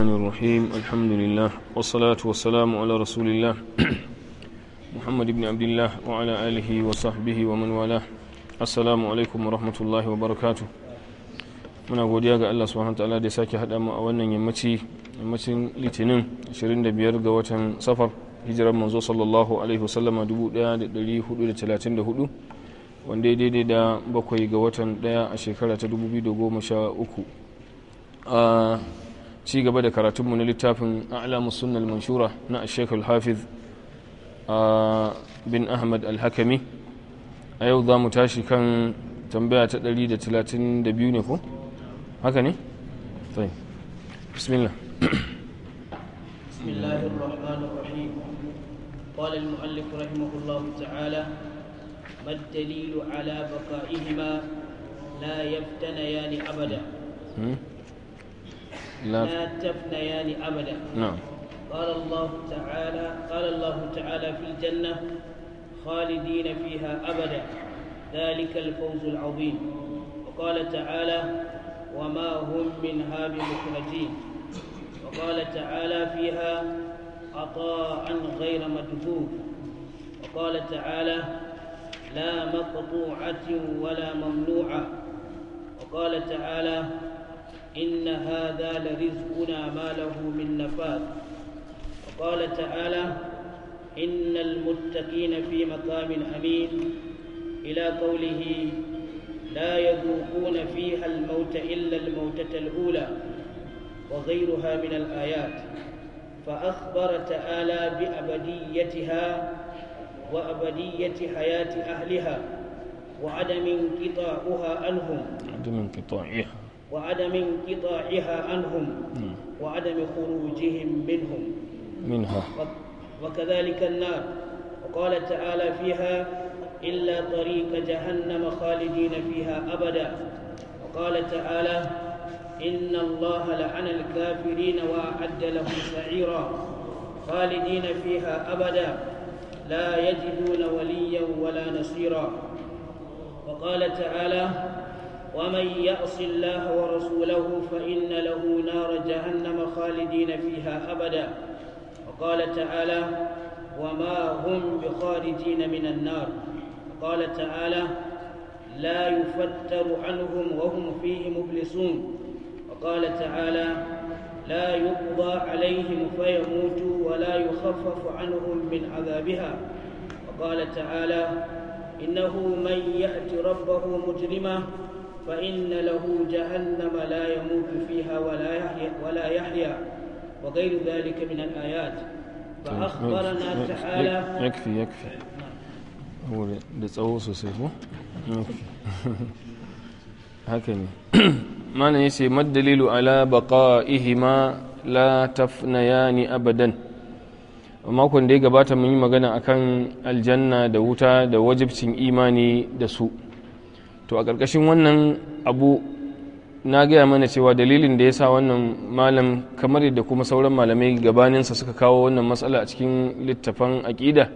الرحمن الرحيم الحمد لله والصلاة والسلام على رسول الله محمد بن عبد الله وعلى آله وصحبه ومن والاه السلام alaikum warahmatullahi wabarakatuh muna godiya ga Allah subhanahu ta'ala da ya sake haɗa mu a wannan yammaci yammacin litinin 25 ga watan safar hijirar manzo sallallahu alaihi wasallama 1434 wanda ya daidai da bakwai ga watan daya a shekara ta 2013 ci gaba da karatunmu na littafin alamu sunnal manshura na sheikh al-hafiz bin ahmad al-hakami a yau za mu tashi kan tambaya ta 132 ne ko haka ne? tsaye bismillah قال المؤلف رحمه الله تعالى ما الدليل على بقائهما لا يفتنيان أبدا لا, لا تفنيان أبدا نعم قال الله تعالى قال الله تعالى في الجنة خالدين فيها أبدا ذلك الفوز العظيم وقال تعالى وما هم منها بمخرجين وقال تعالى فيها عطاء غير مجذوب وقال تعالى لا مقطوعة ولا ممنوعة وقال تعالى إن هذا لرزقنا ما له من نفاذ وقال تعالى إن المتقين في مقام أمين إلى قوله لا يذوقون فيها الموت إلا الموتة الأولى وغيرها من الآيات فأخبر تعالى بأبديتها وأبدية حياة أهلها وعدم انقطاعها عنهم عدم انقطاعها وعدم انقطاعها عنهم وعدم خروجهم منهم منها وكذلك النار وقال تعالى فيها إلا طريق جهنم خالدين فيها أبدا وقال تعالى إن الله لعن الكافرين وأعد لهم سعيرا خالدين فيها أبدا لا يجدون وليا ولا نصيرا وقال تعالى ومن يعص الله ورسوله فإن له نار جهنم خالدين فيها أبدا وقال تعالى وما هم بخارجين من النار وقال تعالى لا يفتر عنهم وهم فيه مبلسون وقال تعالى لا يقضى عليهم فيموتوا ولا يخفف عنهم من عذابها وقال تعالى إنه من يأت ربه مجرمه فإن له جهنم لا يموت فيها ولا يحيا, ولا يحيا وغير ذلك من الآيات فأخبرنا تعالى يكفي يكفي هو لتصوص سيفه هكذا ما نيسي ما الدليل على بقائهما لا تفنيان أبدا وما da ya باتا من يمغانا أكان الجنة دوتا دو وجبت إيماني دسوء to a ƙarƙashin wannan abu na gaya mana cewa dalilin da ya sa wannan malam kamar yadda kuma sauran malamai gabaninsa suka kawo wannan matsala a cikin littafan aƙida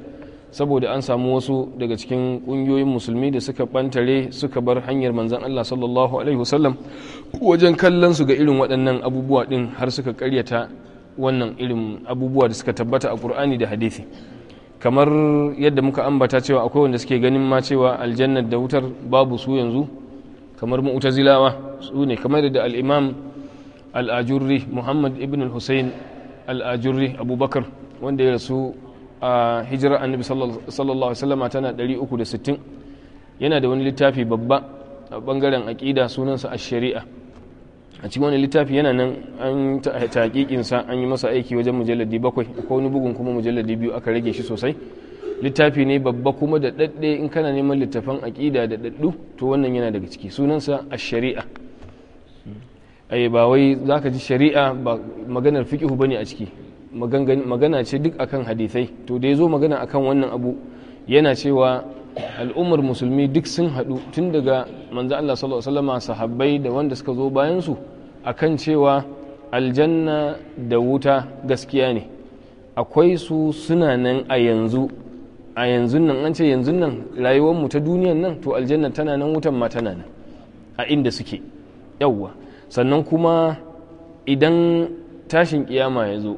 saboda an samu wasu daga cikin ƙungiyoyin musulmi da suka ɓantare suka bar hanyar manzan Allah sallallahu alaihi wasallam wajen kallon su ga irin waɗannan abubuwa ɗin har suka karyata wannan irin abubuwa da suka tabbata a ƙur'ani da hadithi. kamar yadda muka ambata cewa akwai wanda suke ganin ma cewa aljannar da wutar babu su yanzu kamar zilawa su ne kamar da alimam al'ajurri muhammad ibn al-husayn al'ajurri abubakar wanda ya rasu a hijirar annabi sallallahu alaihi wasallam tana 360 yana da wani littafi babba a bangaren aƙida sunansa a sharia a cikin wani littafi yana nan an taƙiƙinsa an yi masa aiki wajen mujalladi bakwai akwai wani bugun kuma mujalladi biyu aka rage shi sosai littafi ne babba kuma da ɗaɗɗe in kana neman littafan aƙida da ɗaɗɗu to wannan yana daga ciki sunansa a shari'a ai ba wai za ka ji shari'a ba maganar fiƙihu ba ne a ciki magana ce duk akan hadisai to da ya zo magana akan wannan abu yana cewa al'ummar musulmi duk sun haɗu tun daga manzo Allah sallallahu alaihi wasallama sahabbai da wanda suka zo bayan su akan cewa aljanna da wuta gaskiya ne akwai su suna nan a yanzu a yanzu nan an ce yanzu nan rayuwarmu ta duniyan nan to aljanna tana nan wutan ma tana nan a inda suke yawwa sannan kuma idan tashin kiyama ya zo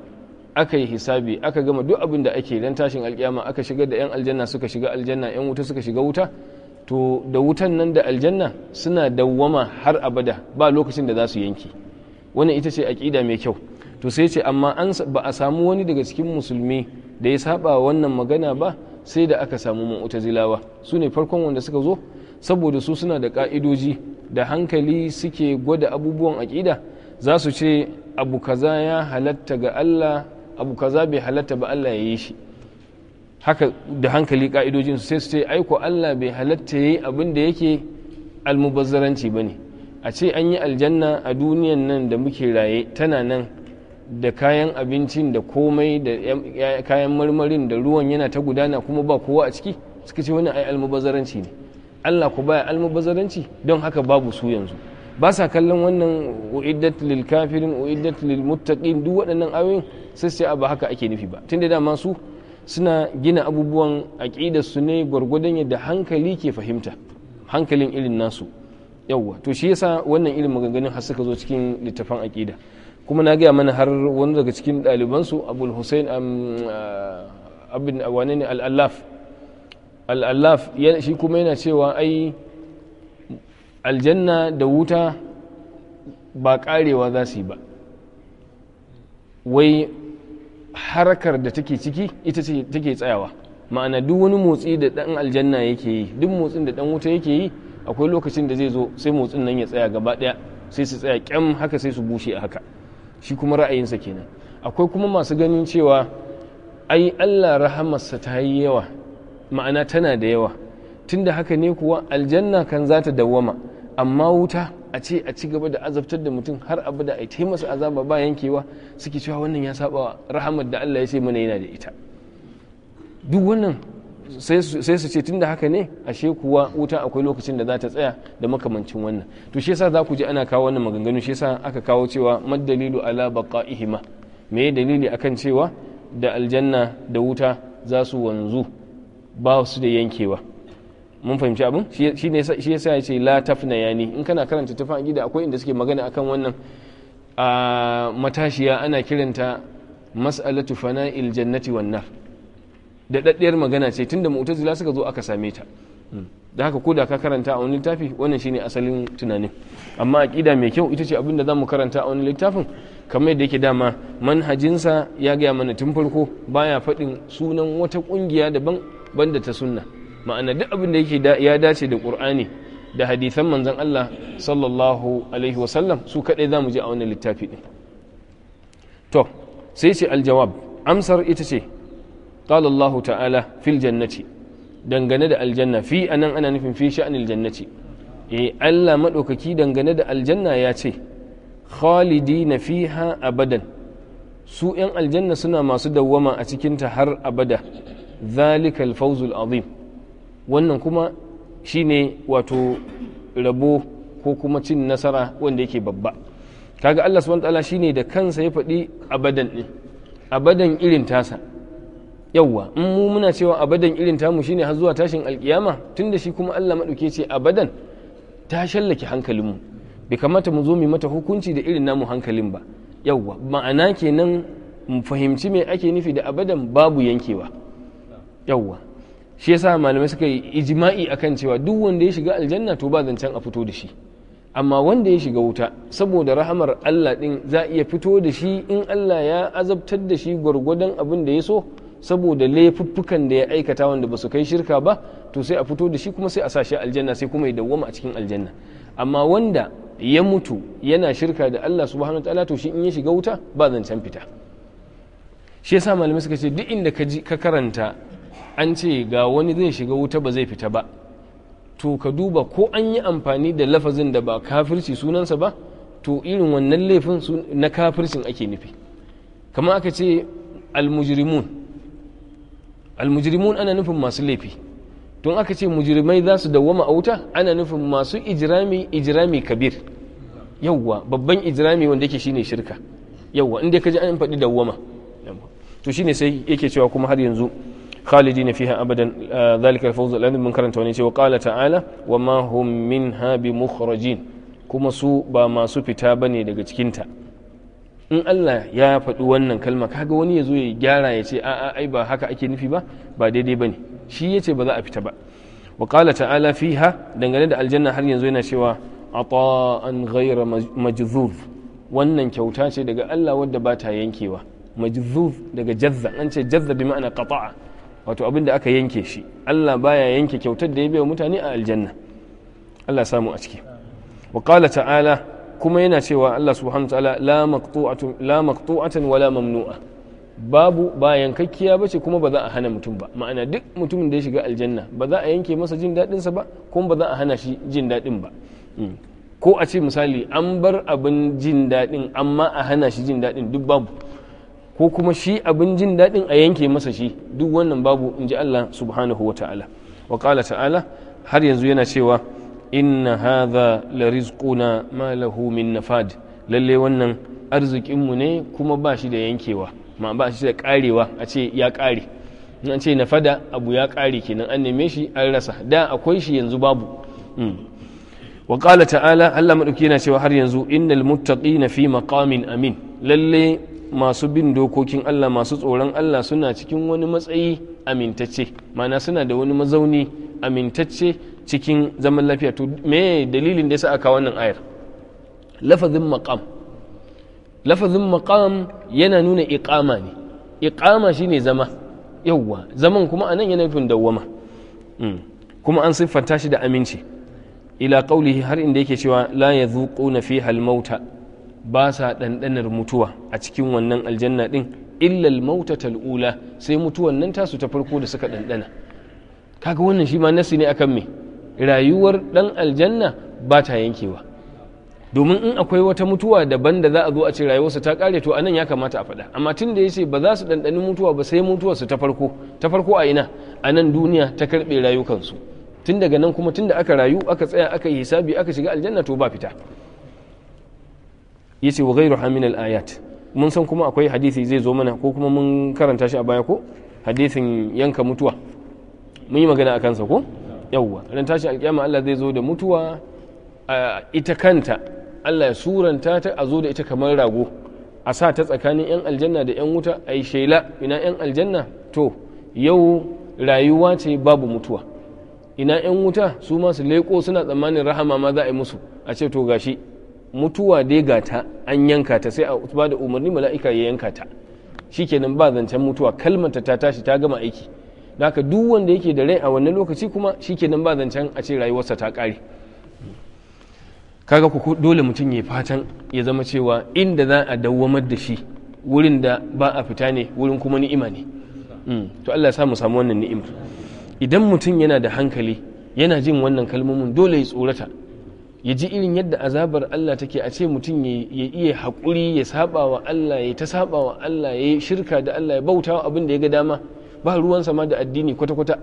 aka yi hisabi aka gama duk abin da ake dan tashin alkiyama aka shigar da 'yan aljanna suka shiga aljanna 'yan wuta suka shiga wuta to da wutan nan da aljanna suna dawwama har abada ba lokacin da za su yanki wannan ita ce aƙida mai kyau to sai ce amma ba a samu wani daga cikin musulmi da ya saba wannan magana ba sai da aka samu mu'tazilawa su ne farkon wanda suka zo saboda su suna da ka'idoji da hankali suke gwada abubuwan aƙida za su ce abu kaza ya halatta ga Allah abu kaza bai halatta ba Allah ya yi shi haka da hankali ka'idojinsu sai su ce aiko allah bai halatta yi abin da yake almubazzaranci ba ne a ce an yi aljanna a duniyan nan da muke raye tana nan da kayan abincin da komai da kayan marmarin da ruwan yana ta gudana kuma ba kowa a ciki suka ce wani ai almubazzaranci ne allah ku baya almubazzaranci don haka babu su yanzu ba sa kallon wannan uiddat lil kafirin uiddat lil muttaqin duk waɗannan ayoyin sai a ba haka ake nufi ba tunda dama su suna gina abubuwan su ne gwargwadon yadda hankali ke fahimta hankalin irin nasu yawwa to shi yasa wannan irin maganganun har suka zo cikin littafan aƙida kuma na gaya mana har wani daga cikin ɗalibansu abul hussein ah, abin wane ne al'allaf al'allaf shi kuma yana cewa ai aljanna da wuta ba ƙarewa za su yi ba wai harkar da take ciki ita ce take tsayawa ma'ana duk wani motsi da dan aljanna yake yi duk motsin da dan wuta yake yi akwai lokacin da zai zo sai motsin nan ya tsaya gaba daya sai su tsaya kyam haka sai su bushe a haka shi kuma ra'ayinsa kenan akwai kuma masu ganin cewa ai Allah rahamarsa ta yi yawa ma'ana tana da yawa tunda haka ne kuwa aljanna kan za ta dawwama amma wuta a ce a ci gaba da azabtar da mutum har abu da ai masa azaba ba yankewa suke cewa wannan ya saba rahamar da Allah ya ce mana yana da ita duk wannan sai su ce tun da haka ne ashe kuwa wuta akwai lokacin da za ta tsaya da makamancin wannan to shi yasa za ku je ana kawo wannan maganganu shi yasa aka kawo cewa maddalilu ala baqa'ihima me dalili akan cewa da aljanna da wuta za su wanzu ba su da yankewa mun fahimci abin shi ne shi yasa ya ce la tafna yani in kana karanta tufan gida akwai inda suke magana akan wannan a matashiya ana kiranta mas'alatu fana'il jannati wan nar da daddiyar magana ce tunda mu'tazila suka zo aka same ta da haka ko da ka karanta a wani littafi wannan shine asalin tunanin amma aqida mai kyau ita ce abin da zamu karanta a wani littafin kamar yadda yake dama manhajinsa ya gaya mana tun farko baya faɗin sunan wata ƙungiya daban banda ta sunna ma'ana duk abin da yake ya dace da qur'ani da hadisan manzon Allah sallallahu alaihi wasallam su kadai zamu je a wannan littafi din to sai ce aljawab amsar ita ce qala Allah ta'ala fil jannati dangane da aljanna fi anan ana nufin fi sha'anil jannati eh Allah madaukaki dangane da aljanna ya ce khalidina fiha abadan su 'yan aljanna suna masu dawwama a cikinta har abada zalikal fawzul azim wannan kuma shine wato rabo ko kuma cin nasara wanda yake babba kaga Allah subhanahu shi shine da kansa ya faɗi abadan ɗin abadan irin tasa yawwa in mu muna cewa abadan irin tamu shine har zuwa tashin alkiyama tun da shi kuma Allah maɗauke ce abadan ta shallake hankalinmu bai kamata mu zo mu mata hukunci da irin namu hankalin ba yawwa ma'ana kenan mu fahimci me ake nufi da abadan babu yankewa yawwa shi yasa malamai suka yi ijma'i akan cewa duk wanda ya shiga aljanna to ba zancen a fito da shi amma wanda ya shiga wuta saboda rahamar Allah din za a iya fito da shi in Allah ya azabtar da shi gwargwadon abin da ya so saboda laifuffukan da ya aikata wanda ba su kai shirka ba to sai a fito da shi kuma sai a sa shi aljanna sai kuma ya dawwama a cikin aljanna amma wanda ya mutu yana shirka da Allah subhanahu wataala to shi in ya shiga wuta ba zancen fita shi yasa malamai suka ce duk inda ka karanta an ce ga wani zai shiga wuta ba zai fita ba to ka duba ko an yi amfani da lafazin da ba kafirci sunansa ba to irin wannan laifin na kafircin ake nufi kama aka ce almujrimun almujrimun ana nufin masu laifi don aka ce mujrimai za su dawwama a wuta ana nufin masu ijirami ijirami kabir yauwa babban ijirami wanda yake shine shirka yauwa inda ka ji an faɗi dawama to shine sai yake cewa kuma har yanzu khalidina fiha abadan zalika al-fawz al-azim mun karanta wani cewa qala ta'ala wa ma hum minha kuma su ba masu fita ne daga cikin ta in Allah ya faɗi wannan kalma kaga wani ya zo ya gyara ya ce a'a ai ba haka ake nufi ba ba daidai bane shi ya ce ba za a fita ba wa qala ta'ala fiha dangane da aljanna har yanzu yana cewa ata'an ghayra majzuz wannan kyauta ce daga Allah wadda ba ta yankewa majzuz daga jazza an ce jazza bi ma'ana qata'a wato abin da aka yanke shi Allah baya yanke kyautar da ya bai wa mutane a aljanna Allah samu a ciki wa qala ta'ala kuma yana cewa Allah subhanahu ta'ala la maqtu'atun la maqtu'atan wala mamnu'a babu ba yankakkiya ce kuma ba za a hana mutum ba ma'ana duk mutumin da ya shiga aljanna ba za a yanke masa jin dadin sa ba kuma ba za a hana shi jin dadin ba hmm. ko a ce misali an bar abin jin daɗin amma a hana shi jin daɗin duk babu ko kuma shi abin jin daɗin a yanke masa shi duk wannan babu in ji Allah subhanahu wa ta'ala wa ƙala ta'ala har yanzu yana cewa inna hadha la rizquna ma lahu min nafad lalle wannan arzikinmu ne kuma ba shi da yankewa ma ba shi da karewa a ce ya kare an ce nafada abu ya kare kenan an neme shi an rasa da akwai shi yanzu babu hmm. wa ta'ala Allah madauki yana cewa har yanzu innal muttaqina fi maqamin amin lalle masu bin dokokin Allah masu tsoron Allah suna cikin wani matsayi amintacce mana suna da wani mazauni amintacce cikin zaman lafiya to me dalilin da yasa aka wannan ayar lafazin maqam lafazin maqam yana nuna iqama ne iqama shine zama yawwa zaman kuma anan yana nufin dawwama hmm. kuma an siffanta shi da aminci ila qaulihi har inda yake cewa la yazuquna fiha al-mauta ba sa ɗanɗanar mutuwa a cikin wannan aljanna ɗin illal mauta tal'ula sai mutuwan nan tasu ta farko da suka ɗanɗana kaga wannan shi ma nasi ne akan me rayuwar ɗan aljanna ba ta yankewa domin in akwai wata mutuwa daban da za a zo a ce rayuwarsa ta kare to anan ya kamata a faɗa amma tun da ya ce ba za su ɗanɗani mutuwa ba sai mutuwarsu ta farko ta farko a ina a nan duniya ta karɓe rayukansu tun daga nan kuma tun da aka rayu aka tsaya aka yi hisabi aka shiga aljanna to ba fita yace wa ghayruha min al-ayat mun san kuma akwai hadisi zai zo mana ko kuma mun karanta shi a baya ko hadisin yanka mutuwa mun yi magana a kansa ko yawwa ran tashi alkiyama Allah zai zo da mutuwa ita kanta Allah ya suranta ta a zo da ita kamar rago a sa ta tsakanin 'yan aljanna da 'yan wuta ai shela shaila ina 'yan aljanna to yau rayuwa ce babu mutuwa ina 'yan wuta su masu leko suna tsammanin rahama ma za a yi musu a ce to gashi mutuwa dai gata an yanka ta sai a ba da umarni mala'ika ya yanka ta shikenan ba zancen mutuwa kalmanta ta tashi ta gama aiki haka duk wanda yake da rai a wannan lokaci kuma shi shikenan ba zancen a ce rayuwarsa ta kare kaga ku dole mutum ya fatan ya zama cewa inda za a dawwamar da shi wurin da ba a fita ne wurin kuma ni'ima ne mm, to Allah ya sa mu samu wannan ni'ima idan mutum yana da hankali yana jin wannan kalmomin dole ya tsorata ya ji irin yadda azabar Allah take a ce mutum ya iya haƙuri ya saba wa Allah ya ta saba wa Allah ya shirka da Allah ya bauta wa abin da ya ga dama ba ruwan sama da addini kwata-kwata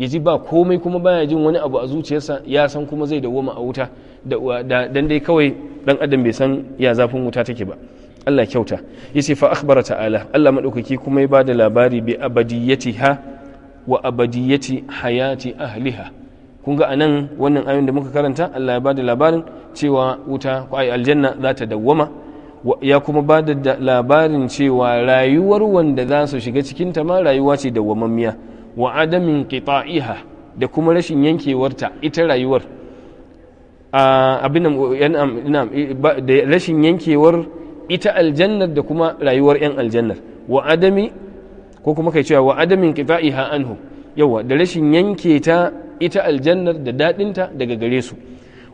ya ji ba komai kuma baya jin wani abu a zuciyarsa ya san kuma zai dawoma a wuta da dan dai kawai dan adam bai san ya zafin wuta take ba Allah kyauta yace fa akhbara ta'ala Allah maɗaukaki kuma ya ba da labari bi abadiyatiha wa abadiyati hayati ahliha kun ga anan wannan ayoyin da muka karanta Allah ya bada labarin cewa wuta ko ai aljanna za ta dawwama ya kuma bada labarin cewa rayuwar wanda za su shiga cikin ta ma rayuwa ce dawwamammiya wa adamin qita'iha da kuma rashin yankewarta ita rayuwar abin da rashin yankewar ita aljannar da kuma rayuwar 'yan aljannar wa adami ko kuma kai cewa wa adamin qita'iha anhu yawa da rashin yanke ta ita aljannar da daɗinta daga gare su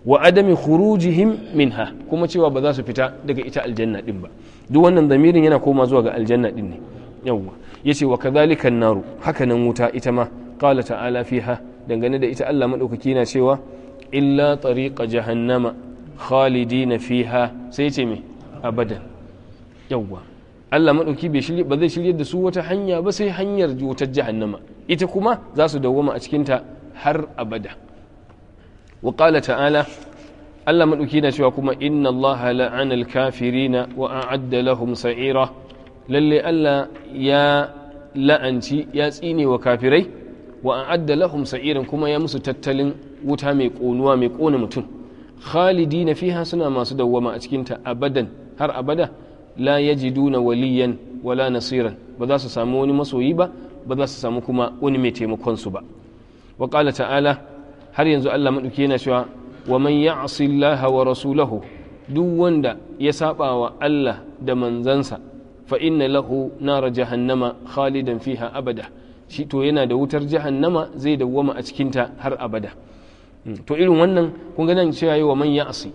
wa adami khurujihim minha kuma cewa ba za su fita daga ita aljanna din ba duk wannan zamirin yana koma zuwa ga aljanna din ne yawwa yace wa kadhalika naru haka nan wuta ita ma qala ta'ala fiha dangane da ita Allah madaukaki na cewa illa tariqa jahannama khalidina fiha sai ce me abadan yawwa Allah madauki bai shirye ba zai shirye da su wata hanya ba sai hanyar wutar jahannama ita kuma za su dawwama a cikin ta har abada wa ta'ala Allah maɗauki na cewa kuma inna Allah kafirina wa a'adda lahum sa'ira lalle Allah ya la'anci ya tsine wa kafirai wa a'adda lahum sa'iran kuma ya musu tattalin wuta mai ƙonuwa mai ƙona mutum na fiha suna masu dawwama a cikinta abadan har abada la yajiduna waliyan wala nasiran ba za su samu wani masoyi ba ba za su samu kuma wani mai taimakon su ba wa ta'ala har yanzu Allah maɗauki yana cewa wa man ya'si wa rasulahu duk wanda ya saba wa Allah da manzansa fa'inna lahu nara jahannama khalidan fiha abada shi to yana da wutar jahannama zai dawwama a cikinta har abada hmm. to irin wannan kun ga nan cewa wa man ya'si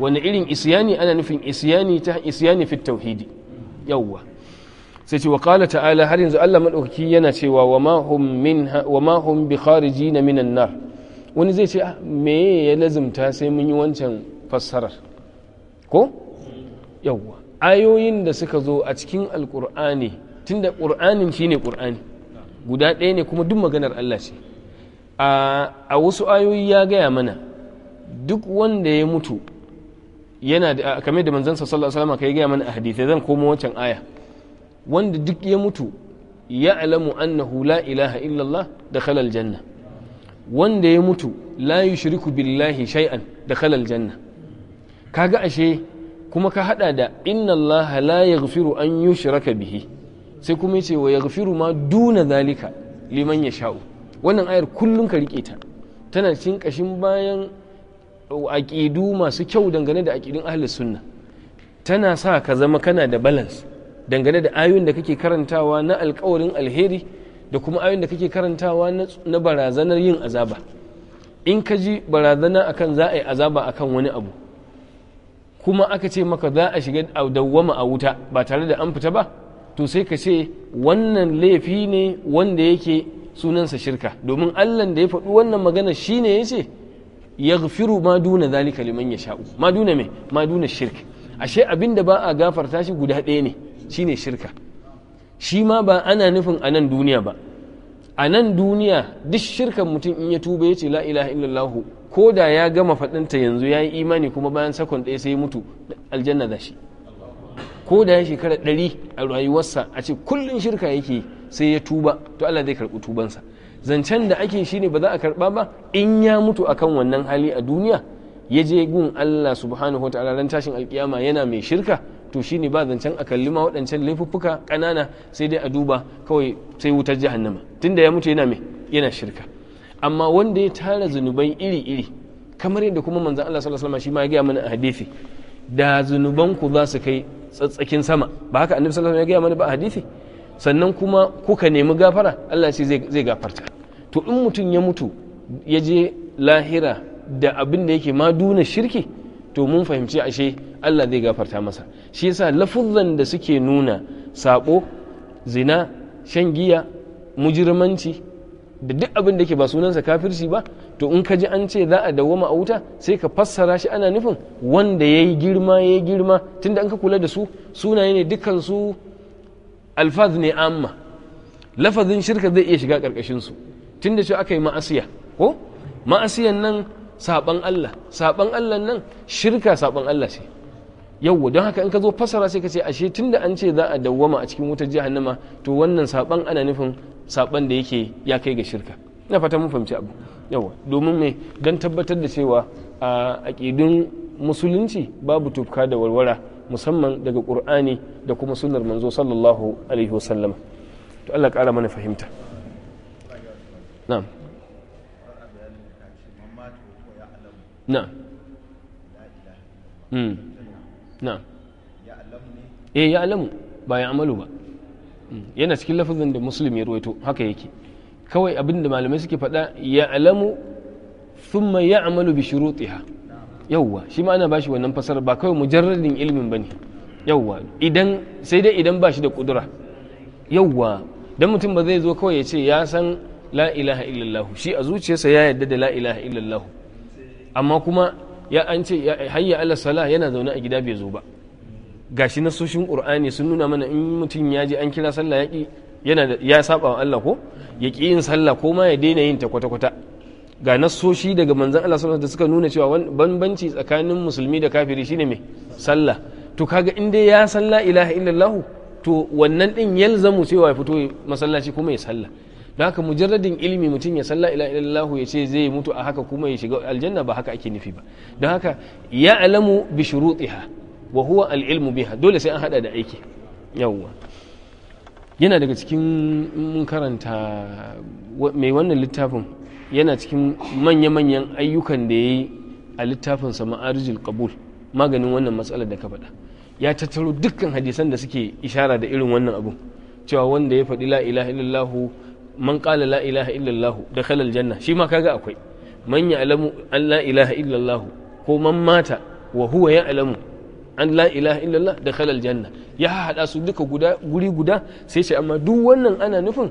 wani irin isyani ana nufin isyani ta isyani fit tauhidi yawwa sai ce wa ta'ala har yanzu Allah madaukaki yana cewa wa ma hum minha wa ma hum bi kharijina minan nar wani zai ce ah, me ya lazimta sai mun yi wancan fassarar ko yawwa ayoyin da suka zo a cikin alqur'ani tunda qur'anin shine qur'ani guda ɗaya ne kuma duk maganar Allah ce a wasu ayoyi ya gaya mana duk wanda ya mutu yana da kamar da manzon sallallahu alaihi wasallam kai gaya mana a hadisi zan komo wancan aya wanda duk ya mutu ya alamu annahu la ilaha illallah da khalal janna wanda ya mutu la yushriku billahi shay'an da khalal janna Ka ga ashe kuma ka hada da inna allaha la yaghfiru an yushraka bihi sai kuma yace wa yaghfiru ma duna zalika liman ya yasha'u wannan ayar kullum ka rike ta tana cikin kashin bayan aqidu masu kyau dangane da aqidin ahlus sunna tana sa ka zama kana da balance dangane da ayoyin da kake karantawa na alkawarin alheri da kuma ayoyin da kake karantawa na barazanar yin azaba in ka ji barazana akan za a yi azaba akan wani abu kuma aka ce maka za a shiga dawwama a wuta ba tare da an fita ba to sai ka ce wannan laifi ne wanda yake sunansa shirka domin allah da ya faɗi wannan magana shi ne ya ce ya ma duna zalika liman ya sha'u ma duna me ma duna shirk ashe abin da ba a gafarta shi guda ɗaya ne shine shirka shi ma ba ana nufin a nan duniya ba a nan duniya duk shirkan mutum in ya tuba ya ce la ilaha illallahu ko da ya gama faɗinta yanzu ya yi imani kuma bayan sakon ɗaya sai mutu aljanna da shi ko da ya shekara ɗari a rayuwarsa a ce kullum shirka yake sai ya tuba to Allah zai karɓi tubansa zancen da ake shine ba za a karɓa ba in ya mutu akan wannan hali a duniya ya je gun Allah subhanahu wa ta'ala ran tashin alkiyama yana mai shirka to shine ba zancen a kalli ma waɗancan laifuffuka ƙanana sai dai a duba kawai sai wutar jahannama tunda ya mutu yana me yana shirka amma wanda ya tara zunuban iri-iri kamar yadda kuma manzan Allah sallallahu alaihi shi ma ya gaya mana a hadisi da zunuban ku za su kai tsatsakin sama ba haka annabi sallallahu alaihi wasallam ya gaya mana ba a hadisi sannan kuma kuka nemi gafara Allah ce zai gafarta to in mutum ya mutu ya je lahira da abin da yake ma duna shirki to mun fahimci ashe Allah zai gafarta masa shi yasa lafuzzan da suke nuna sabo zina shan giya mujirmanci da duk abin da ke ba sunansa kafirci ba to in ka ji an ce za a dawwama a wuta sai ka fassara shi ana nufin wanda ya yi girma ya yi girma tunda an ka kula da su sunaye ne dukkan su alfaz ne amma lafazin shirka zai iya shiga karkashin su tunda shi aka yi ma'asiya ko ma'asiyan nan saban Allah saban Allah nan shirka saban Allah ce yawwa don haka in ka zo fasara sai ka ce ashe da an ce za a dawwama a cikin wutar jahannama to wannan saban ana nufin saban da yake ya kai ga shirka na fata mun fahimci abu yawa domin me don tabbatar da cewa a aqidun musulunci babu tufka da warwara musamman daga ƙur'ani da kuma sunnar manzo sallallahu alaihi wasallam to Allah ƙara mana fahimta na'am Hmm. Eh, ya alamu ba ya amalu ba hmm. yana cikin lafazin da musulmi ya ruwaito haka yake kawai abin da malamai suke faɗa ya alamu mai ya amalu bi shurutiha yawwa shi ma ana bashi wannan fasar ba kawai mujarradin ba ne yawwa idan sai dai idan bashi da kudura yawwa don mutum ba zai zo kawai ya ce ya san la ilaha illallah shi a zuciyarsa ya yarda da la ilaha illallah amma kuma ya an ce hayya ala sala yana zaune a gida bai zo ba shi nasoshin qur'ani sun nuna mana in mutum ya je an kira sallah yaki yana ya saba wa Allah ko ya ki yin sallah ko ma ya daina yin ta kwata kwata ga nasoshi daga manzon Allah sallallahu da suka nuna cewa bambanci tsakanin musulmi da kafiri shine mai sallah to kaga in dai ya sallah ilaha illallahu to wannan din yalzamu cewa ya fito masallaci kuma ya sallah don haka mujarradin ilimi mutum ya salla ila ya ce zai mutu a haka kuma ya shiga aljanna ba haka ake nufi ba don haka ya alamu bi shurutiha wa huwa al'ilmu ilmu biha dole sai an hada da aiki yawwa yana daga cikin mun karanta mai wannan littafin yana cikin manya-manyan ayyukan da ya yi a littafin sama kabul maganin wannan matsalar da ka faɗa ya tattaro dukkan hadisan da suke ishara da irin wannan abun cewa wanda ya faɗi la ilaha man qala la ilaha illallah dakhala janna shi ma kaga akwai man ya'lamu an la ilaha illallah ko man mata wa huwa ya'lamu an la ilaha illallah dakhala janna ya hada su duka guda guri guda sai ce amma duk wannan ana nufin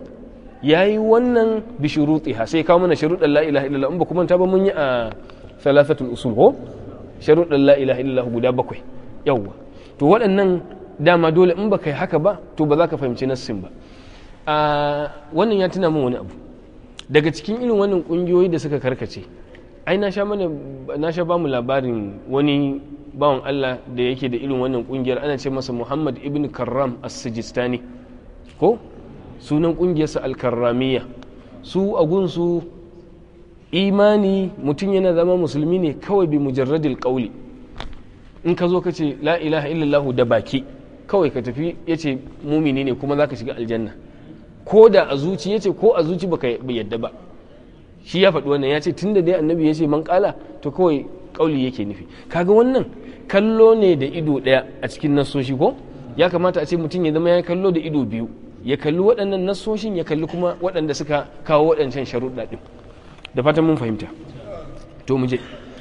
yayi wannan bi shurutiha sai kawo mana sharuɗan la ilaha illallah in ba kuma ta ba mun yi a thalathatul usul ko sharuɗan la ilaha illallah guda bakwai yawwa to waɗannan dama dole in ba kai haka ba to ba za ka fahimci nassin ba wannan ya tuna min wani abu daga cikin irin wannan kungiyoyi da suka karkace ai na sha mana na sha bamu labarin wani bawan Allah da yake da irin wannan kungiyar ana ce masa Muhammad ibn Karram as-Sijistani ko sunan kungiyarsa al-Karramiyya su a gunsu imani mutum yana zama musulmi ne kawai bi mujarradil qauli in ka zo ka ce la ilaha illallah da baki kawai ka tafi yace mumini ne kuma zaka shiga aljanna ko da a zuci yace ko a zuci baka yadda ba shi ya faɗi wannan ya ce tun da dai annabi ya ce man ƙala to kawai ƙauli yake nufi kaga wannan kallo ne da ido ɗaya a cikin nasoshi ko ya kamata a ce mutum ya zama ya kallo da ido biyu ya kalli waɗannan nasoshin ya kalli kuma waɗanda suka kawo waɗancan sharuɗa ɗin da fatan mun fahimta to mu je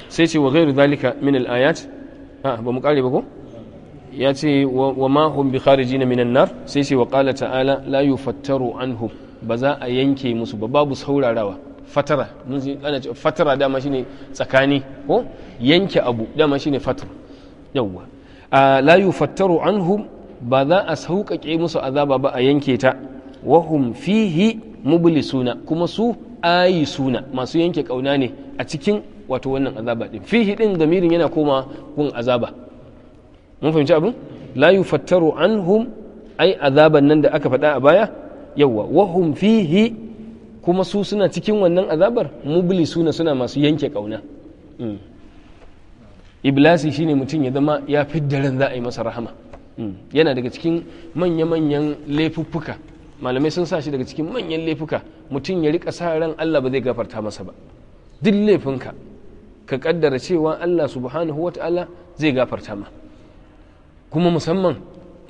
sai ce wa ghairu zalika min al-ayat ba mu kare ba ko ya ce wa ma hum bi kharijina minan nar sai ce wa ta'ala la yufattaru anhu ba za a yanke musu ba babu saurarawa fatara mun ji ana ce fatara dama shine tsakani ko yanke abu dama shine fatar yawwa la yufattaru ba za a sauƙaƙe musu azaba ba a yanke ta wahum fihi mublisuna kuma su ayi suna masu yanke kauna ne a cikin wato wannan azaba din fihi din zamirin yana koma gun azaba mun fahimci abin la yufattaru anhum ai azaban nan da aka faɗa a baya yawa wahum fihi kuma su suna cikin wannan azabar mublisuna suna masu yanke kauna mm. iblasi shine mutum ya zama ya fidda ran za a yi masa rahama mm. yana daga cikin manya-manyan laifuffuka malamai sun sa shi daga cikin manyan laifuka mutum ya rika sa ran Allah ba zai gafarta masa ba duk laifinka ka kaddara cewa Allah subhanahu wata'ala zai gafarta ma kuma musamman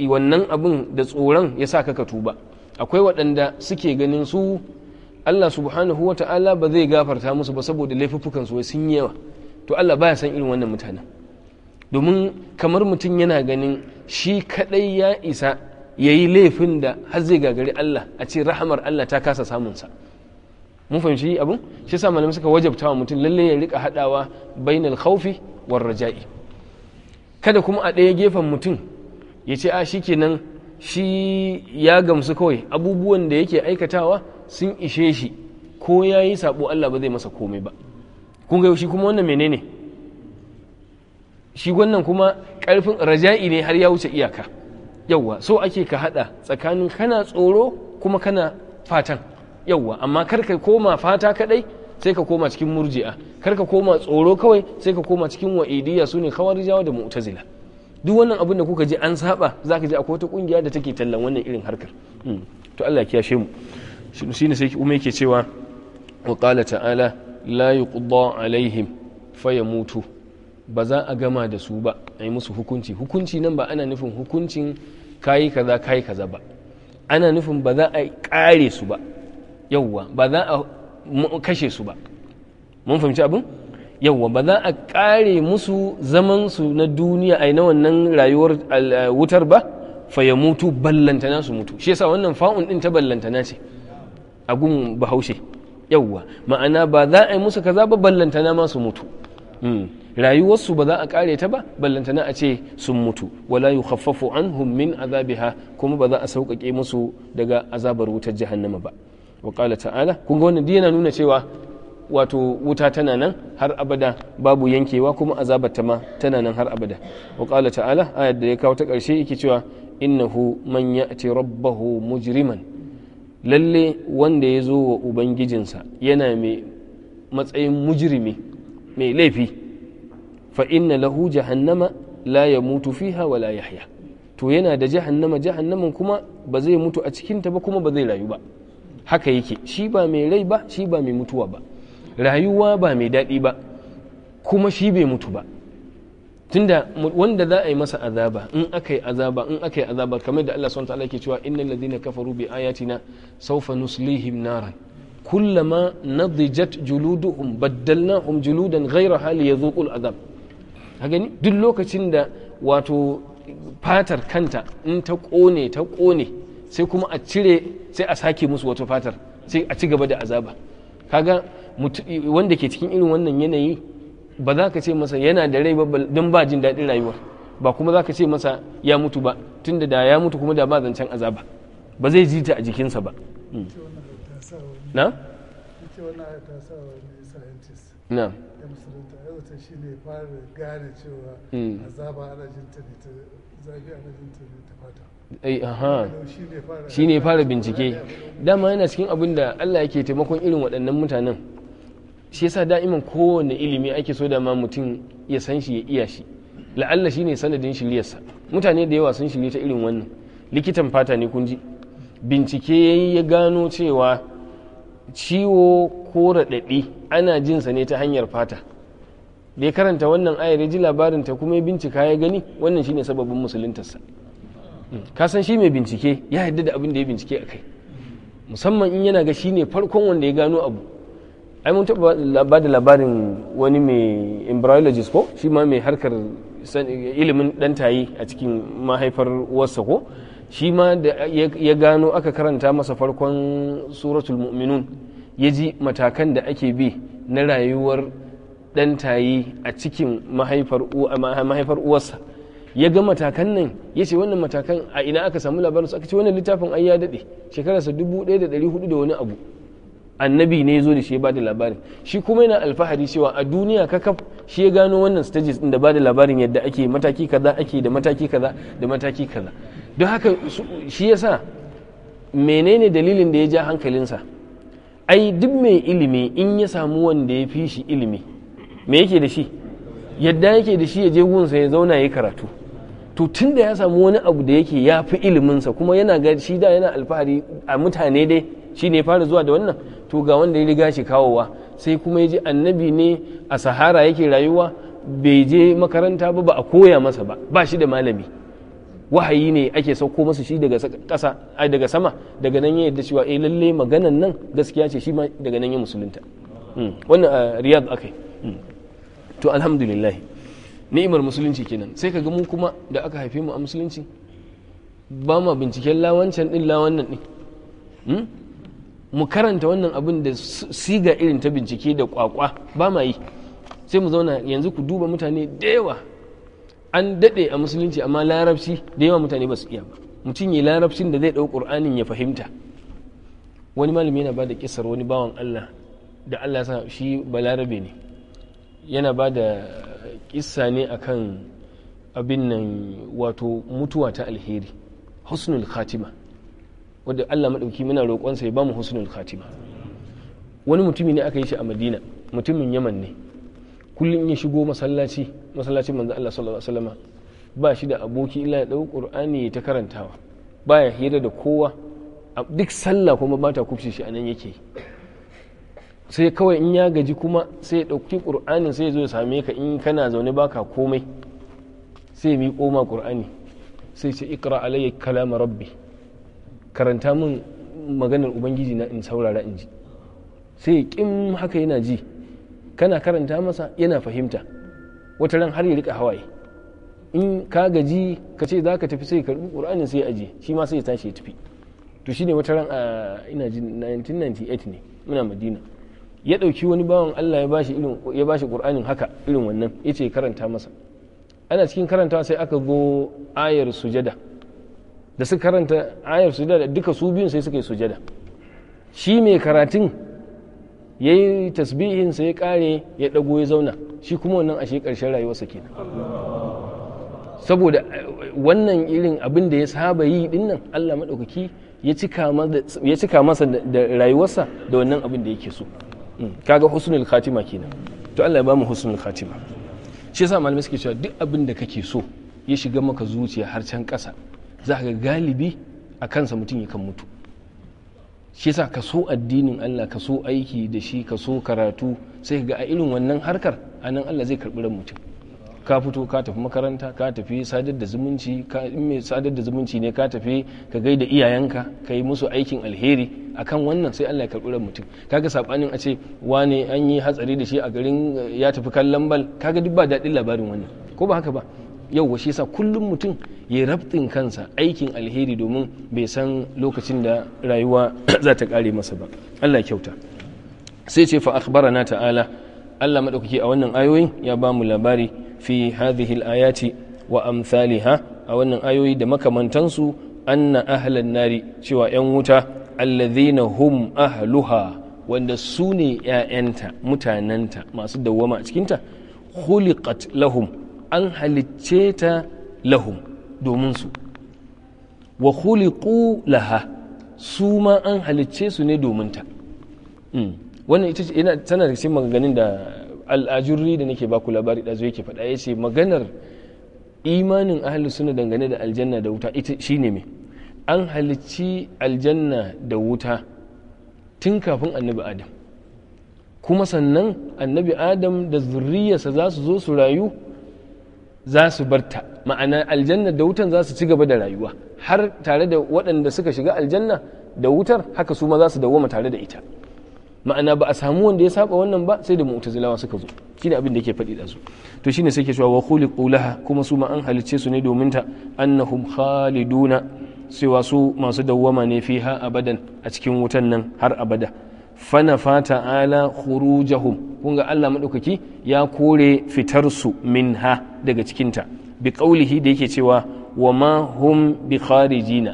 wannan abin da tsoron ya sa ka ka tuba akwai waɗanda suke ganin su Allah subhanahu wa ta'ala ba zai gafarta musu ba saboda laifuffukan su sun yawa to Allah baya san irin wannan mutanen domin kamar mutum yana ganin shi kadai ya isa ya yi laifin da har zai gagari Allah a ce rahamar Allah ta kasa samunsa mun fahimci abin shi sa malamai suka wajabta wa mutum lalle ya rika hadawa bainal khawfi war raja'i kada kuma a ɗaya gefen mutum ya ce a shi kenan shi ya gamsu kawai abubuwan da yake aikatawa sun ishe shi ko ya yi sabo Allah ba zai masa komai ba kun ga shi kuma wannan menene shi wannan kuma ƙarfin raja'i ne har ya wuce iyaka yawwa so ake ka haɗa tsakanin kana tsoro kuma kana fatan yauwa amma kar ka koma fata kaɗai sai ka koma cikin murji'a kar ka koma tsoro kawai sai ka koma cikin wa'idiyya sune khawarijawa da mu'tazila duk wannan abin da kuka ji an saba zaka ji akwai wata kungiya da take tallan wannan irin harkar hmm. to Allah ya kiyashe mu shine sai umai ke cewa wa qala ta'ala la yuqda alaihim fayamutu ba za a gama da su ba a yi musu hukunci hukunci nan ba ana nufin hukuncin kayi kaza kayi kaza ba ana nufin ba za a kare su ba yauwa ba za a kashe su ba mun fahimci abin yawwa ba za a ƙare musu zaman su na duniya ai na wannan rayuwar eh, wutar ba fa ya mutu ballantana su mutu shi yasa wannan fa'un din ta ballantana ce a gun bahaushe yawwa ma'ana ba za a yi musu kaza ba ballantana ma su mutu hmm. rayuwarsu ba za a kare ta ba ballantana a ce sun mutu wala yukhaffafu anhum min azabiha kuma ba za a sauƙaƙe musu daga azabar wutar jahannama ba wa qala ta'ala kun ga wannan yana nuna cewa wato wuta tana nan har abada babu yankewa kuma azabar ta ma tana nan har abada wa qala ta'ala ayar da ya kawo ta karshe yake cewa innahu man ya'ti rabbahu mujriman lalle wanda ya zo wa ubangijinsa yana mai matsayin mujrimi mai laifi fa inna lahu jahannama la yamutu fiha wa la yahya to yana da jahannama jahannaman kuma ba zai mutu a cikinta ba kuma ba zai rayu ba haka yake shi ba mai rai ba shi ba mai mutuwa ba rayuwa ba mai daɗi ba kuma shi bai mutu ba tunda wanda za a yi masa azaba in aka yi azaba in aka yi azaba kamar da Allah subhanahu ta'ala ke cewa innal ladhina kafaru bi ayatina sawfa nuslihim naran kullama nadijat juluduhum baddalnahum juludan hali liyadhuqul azab gani duk lokacin da wato fatar kanta in ta kone ta kone sai kuma a cire sai a sake musu wata fatar sai a ci gaba da azaba kaga wanda ke cikin irin wannan yanayi ba za ka ce masa yana da rai don ba jin daɗin rayuwar ba kuma za ka ce masa ya mutu ba tunda da ya mutu kuma da ba zancen azaba ba zai ji ta a jikinsa ba hmm. na? na hmm. azaba ana jin ta ne ta zafi ana jin ta ne Eh, shi ne fara bincike dama yana cikin abin da allah yake taimakon irin waɗannan mutanen shi yasa da'iman kowane ilimi ake so da ma mutum ya san shi ya iya shi la'alla shi ne sanadin shiryarsa mutane da yawa sun shirye ta irin wannan likitan fata ne kun ji bincike ya yi ya gano cewa ciwo ko raɗaɗi ana jinsa ne ta hanyar fata da ya karanta wannan ayar ya ji labarinta kuma ya bincika ya gani wannan shine sababin musuluntarsa ka san shi mai bincike ya yarda da abin da ya bincike a kai musamman in yana ga shi ne farkon wanda ya gano abu ai mun taɓa ba da labarin wani mai embryologist ko shi ma mai harkar ilimin ɗan tayi a cikin mahaifar uwarsa ko shi ma da ya gano aka karanta masa farkon suratul mu'minun ya ji matakan da ake bi na rayuwar ɗan tayi a cikin mahaifar uwarsa ya ga matakan nan ya ce wannan matakan a ina aka samu labarin su aka ce wannan littafin ai ya daɗe shekararsa dubu ɗaya da ɗari hudu da wani abu annabi ne ya zo da shi ya bada labarin shi kuma yana alfahari cewa a duniya kakaf shi ya gano wannan stages din da bada labarin yadda ake mataki kaza ake da mataki kaza da mataki kaza don haka shi yasa menene dalilin da ya ja hankalinsa ai duk mai ilimi in ya samu wanda ya fi shi ilimi me yake da shi yadda yake da shi ya je gunsa ya zauna ya karatu to tun da ya samu wani abu da yake ya fi iliminsa kuma yana ga shi da yana alfahari a mutane dai shi ne fara zuwa da wannan to ga wanda ya riga shi kawowa sai kuma ya ji annabi ne a sahara yake rayuwa bai je makaranta ba ba a koya masa ba ba shi da malami wahayi ne ake sauko masa shi daga ƙasa sama daga nan ya yadda cewa eh lalle maganan nan gaskiya ce shi ma daga nan ya musulunta hmm. wannan ah, riyad akai hmm. to alhamdulillah ni'imar musulunci kenan sai ka ga mu kuma da aka haife mu a musulunci ba ma binciken lawancan din lawannan din hmm? mu karanta wannan abin da siga irin ta bincike da kwakwa ba ma yi sai mu zauna yanzu ku duba mutane da yawa an daɗe a musulunci amma larabci da yawa mutane ba su iya ba mutum yi larabcin da zai ɗau ƙur'anin ya fahimta wani malami yana ba da kisar wani bawan allah da allah ya sa shi balarabe ne yana ba da kissa ne akan abin nan wato mutuwa ta alheri husnul khatima wadda Allah maɗauki muna roƙonsa ya mu husnul khatima wani mutumi ne aka yi shi a Madina mutumin Yaman ne kullum ya shigo masallaci masallacin manzo Allah sallallahu alaihi wasallam ba shi da aboki illa ya dau Qur'ani ya ta karantawa baya hira da kowa duk sallah kuma ba ta kubce shi nan yake sai kawai in ya gaji kuma sai ya ɗauki sai ya zo ya same ka in kana zaune baka komai sai ya koma ma ƙur'ani sai ce ikra alayya kalama rabbi karanta min maganar ubangiji na in saurara in ji sai ya haka yana ji kana karanta masa yana fahimta wata ran har ya rika hawaye in ka gaji ka ce za ka tafi sai karbi ƙur'ani sai ya aje shi ma sai ya tashi ya tafi to shine wata ran a ah, ina ji 1998 ne muna madina ya ɗauki wani bawan Allah ya bashi irin ya bashi Qur'anin haka irin wannan yace karanta masa ana cikin karanta sai aka go ayar sujada da suka karanta ayar sujada duka su biyun sai suka yi sujada shi mai karatun ya yi tasbihin sai ya kare ya ɗago ya zauna shi kuma wannan ashe ƙarshen rayuwarsa kenan saboda eh, wannan irin abin da ya saba yi dinnan Allah maɗaukaki ya cika masa da rayuwarsa da wannan abin da yake so Mm. kaga husnul khatima kenan to Allah ya bamu husnul khatima shi yasa malamai suke cewa duk abin da kake so ya shiga maka zuciya har can kasa za ga galibi a kansa mutum ya kan mutu shi yasa ka so addinin Allah ka so aiki da shi ka so karatu sai ga a irin wannan harkar anan Allah zai karɓi ran mutum ka fito ka tafi makaranta ka tafi sadar da zumunci ka in mai sadar da zumunci ne ka tafi ka gaida iyayenka ka yi musu aikin alheri akan wannan sai Allah ya karɓi ran mutum kaga sabanin a ce wane an yi hatsari da shi a garin eh, ya tafi kallon bal kaga duk ba daɗin labarin wannan ko ba haka ba Yau washe yasa kullum mutum ya rabtin kansa aikin alheri domin bai san lokacin da rayuwa za ta kare masa ba Allah kyauta sai ce fa akhbarana ta'ala Allah madaukaki a wannan ayoyin ya ba mu labari fi hadhihi al-ayati wa amthaliha a wannan ayoyi da makamantansu anna ahlan nari cewa yan wuta alladhina hum ahluha wanda su ne 'ya'yanta mutanenta masu dawwama a cikinta khuliqat lahum an halicce ta lahum domin su wa khuliqu laha su ma an halicce su ne domin ta hmm. wannan ita tana da cikin maganganun da al'ajurri da nake baku labari ɗazu yake faɗa ya ce maganar imanin ahli suna dangane da aljanna da wuta ita shine me an halicci aljanna da wuta tun kafin annabi adam kuma sannan annabi adam da zurriyarsa za su zo su rayu za su barta ma'ana aljanna da wutan za su ci gaba da rayuwa har tare da waɗanda suka shiga aljanna da wutar haka su ma za su dawoma tare da ita ma'ana ba a samu wanda ya saba wannan ba sai da mu'tazilawa suka zo shine abin da yake faɗi da su to shine sai ke cewa wa khuliqu laha kuma su ma an halice su ne domin ta annahum khaliduna sai su masu dawwama ne fiha abadan a cikin wutan nan har abada fana fata ala khurujahum kun ga Allah madaukaki ya kore fitar su minha daga cikin ta bi qaulihi da yake cewa wa ma hum bi kharijina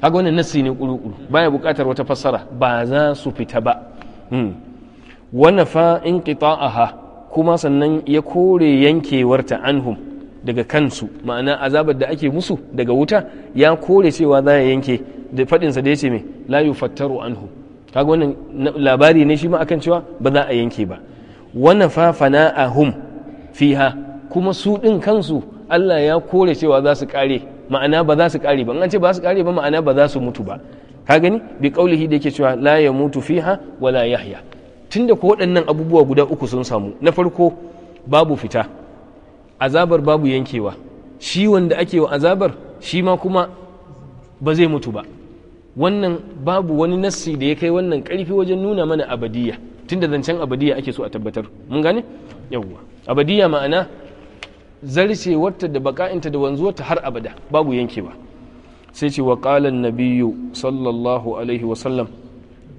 haka wannan nassi ne kuru-kuru baya bukatar wata fassara ba za su fita ba Hmm. wa nafa inqita'aha kuma sannan ya kore yankewarta anhum daga kansu ma'ana azabar da ake musu daga wuta ya kore cewa za ya yanke da faɗinsa da ya ce mai layu fattaru anhu kaga wannan labari ne shi ma akan cewa ba za a yanke ba wa a fana'ahum fiha kuma su ɗin kansu Allah ya kore cewa za su ma'ana ba za su kare ba an ce ba su kare ba ma'ana ba za su mutu ba ka gani bi kaulihi da yake cewa la ya mutu fiha wala yahya tunda ko waɗannan abubuwa guda uku sun samu na farko babu fita azabar babu yankewa shi wanda ake wa azabar shi ma kuma ba zai mutu ba wannan babu wani nassi da ya kai wannan karfi wajen nuna mana abadiyya tunda zancen abadiyya ake so a tabbatar mun gane yawwa abadiyya ma'ana zarce wata da baka'inta da wanzuwarta har abada babu yankewa sai ce wa ƙalan nabiyu sallallahu alaihi wasallam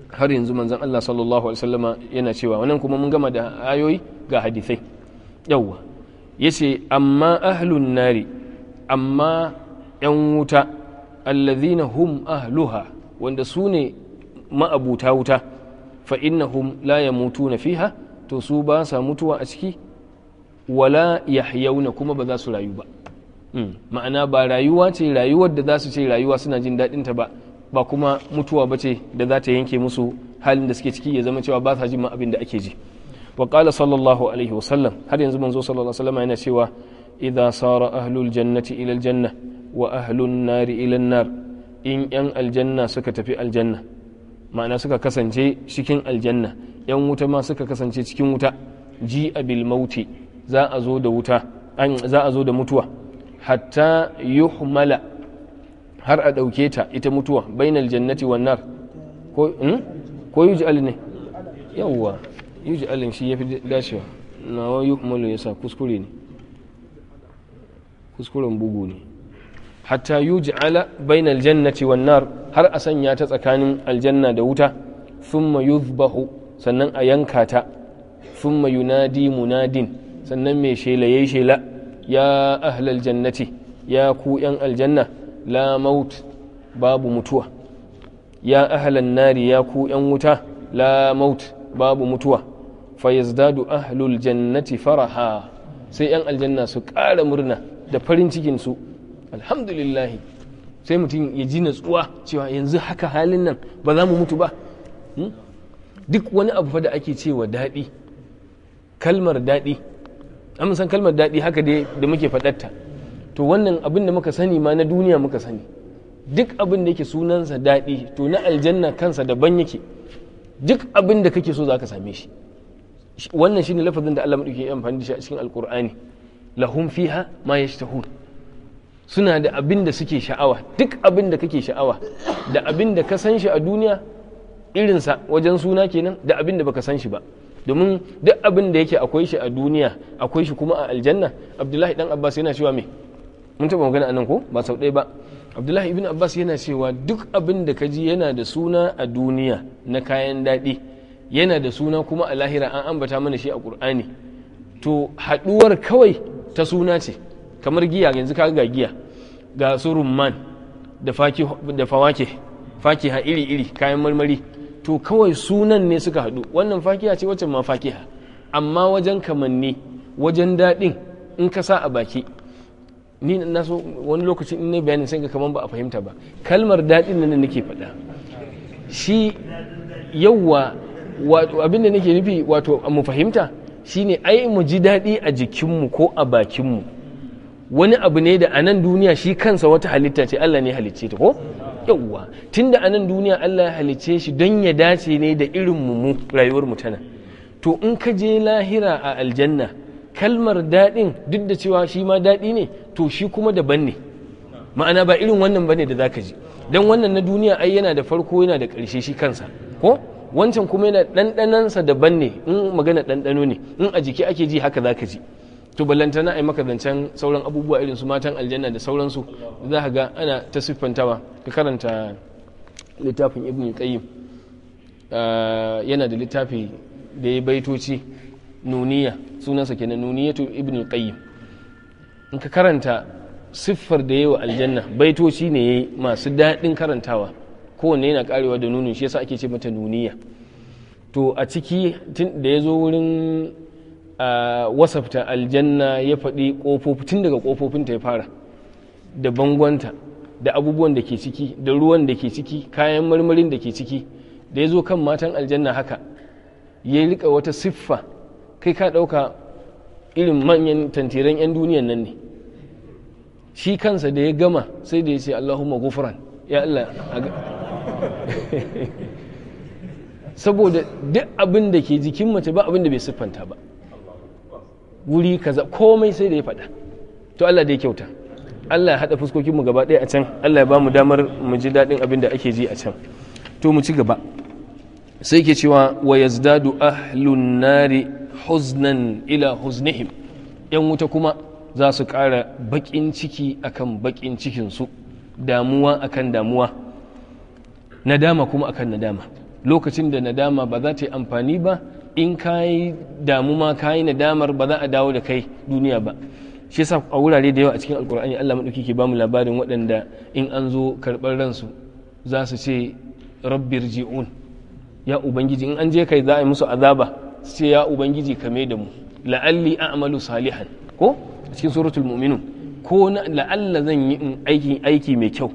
har yanzu manzan Allah sallallahu alaihi wasallama yana cewa wannan kuma mun gama da ayoyi ga hadisai yawwa ya ce amma ahlun nari amma ‘yan wuta allazina hum ahluha wanda su ne ma'abuta wuta fa innahum la na fiha to su ba sa mutuwa a ciki wala Yahyauna kuma ba za su rayu ba Mm. ma'ana ba rayuwa ce rayuwar da za su ce rayuwa suna jin daɗin ta ba ba kuma mutuwa ba ce da za ta yanke musu halin da suke ciki ya zama cewa ba sa jin ma abin da ake ji wa qala sallallahu alaihi wa sallam har yanzu manzo sallallahu alaihi wa sallam yana cewa idza sara ahlul jannati ila janna wa ahlun nari ila nar in yan aljanna suka tafi aljanna ma'ana suka kasance cikin aljanna yan wuta ma suka kasance cikin wuta ji abil mauti za a zo da wuta za a zo da mutuwa hatta yuhmala har a ɗauke ta ita mutuwa bainal jannati wan nar ko hmm? ko yuj'al ne yawwa yuj'al shi yafi dacewa nawa yuhmalu yasa kuskure ne kuskuren bugu ne hatta ala bainal jannati wan nar har a sanya ta tsakanin aljanna da wuta thumma yuzbahu sannan a yanka ta thumma yunadi munadin sannan mai shela yayi shela ya ahlal jannati ya ku yan aljanna la maut babu mutuwa ya ahlan nari ya ku yan wuta la maut babu mutuwa fayazdadu ahlul jannati faraha sai yan aljanna su ƙara murna da farin cikin su alhamdulillah sai mutum ya ji natsuwa cewa yanzu haka halin nan ba za mu mutu ba hmm? duk wani abu fa da ake cewa daɗi kalmar daɗi an san kalmar daɗi haka dai da muke faɗarta to wannan abin da muka sani ma na duniya muka sani duk abin da yake sunansa daɗi to na aljanna kansa daban yake duk abin da kake so za ka same shi wannan shine lafazin da Allah madauki ya amfani da shi a cikin alkur'ani lahum fiha ma yashtahun suna da abin da suke sha'awa duk abin da kake sha'awa da abin da ka san shi a duniya irinsa wajen suna kenan da abin da baka san shi ba domin duk abin da yake akwai shi a duniya akwai shi kuma a aljanna abdullahi dan abbas yana cewa me mun taba magana anan ko ba sau ɗaya ba abdullahi ibn abbas yana cewa duk abin da kaji yana da suna a duniya na kayan daɗi yana da suna kuma a lahira an ambata mana shi a qur'ani to haɗuwar kawai ta suna ce kamar giya yanzu ka ga giya ga su rumman da fawake fakiha iri iri kayan marmari to kawai sunan ne suka haɗu wannan fakiya ce wacce ma fakiya. amma wajen kamanni wajen daɗin in ka sa a baki ni na so wani lokaci in na bayanin sai ga kaman ba a fahimta ba kalmar daɗin nan nake faɗa shi yawwa abin da nake nufi wato mu fahimta shine ai mu ji daɗi a jikinmu ko a bakinmu wani abu ne da anan duniya shi kansa wata halitta ce Allah ne halicce ta ko yawwa da anan duniya Allah ya halicce shi don ya dace ne da irin mu rayuwar mu tana to in ka je lahira a aljanna kalmar daɗin duk da cewa shi ma daɗi ne to shi kuma daban ne ma'ana ba irin wannan bane da zaka ji dan wannan na duniya ai yana da farko yana da ƙarshe shi kansa ko wancan kuma yana ɗanɗanansa daban ne in magana ɗanɗano ne in a jiki ake ji haka zaka ji to ballanta na ai maka zancen sauran abubuwa irin su matan aljanna da sauransu za ka ga ana ta siffantawa ka karanta littafin ibn qayyim eh, yana da littafi da ya baitoci nuniya sunansa kenan to ibn qayyim in ka karanta siffar da yawa aljanna baitoci ne yayi masu daɗin karantawa kowanne yana karewa da nunin shi yasa ake ce mata nuniya to a ciki da ya zo wurin Ah, wasafta aljanna ya faɗi ƙofofi tun daga ƙofofinta ya fara da bangonta da abubuwan da ke ciki da ruwan da ke ciki kayan marmarin da ke ciki da ya zo kan matan aljanna haka ya rika wata siffa kai ka ɗauka irin manyan tantiran 'yan duniyan nan ne shi kansa da ya gama sai da ya ce allahumma gufran ya allah saboda duk abin da ke jikin mace ba abin da bai siffanta ba wuri kaza komai sai da ya faɗa to Allah da ya kyauta Allah ya haɗa mu gaba ɗaya a can Allah ya ba mu damar mu ji daɗin abin da ake ji a can to mu ci gaba sai ke cewa wa yazdadu ahlun nari huznan ila huznihim yan wuta kuma za su ƙara baƙin ciki akan baƙin su damuwa akan damuwa nadama kuma akan nadama lokacin da nadama ba za ta yi amfani ba in ka yi damu ma ka yi nadamar ba za a dawo da kai duniya ba shi yasa a wurare da yawa a cikin alkur'ani Allah madauki ke bamu labarin waɗanda in an zo karɓar ransu za su ce rabbir ji'un ya ubangiji in an je kai za a yi musu azaba su ce ya ubangiji ka da mu la'alli a'malu salihan ko a cikin suratul mu'minun ko la'alla zan yi aiki aiki mai kyau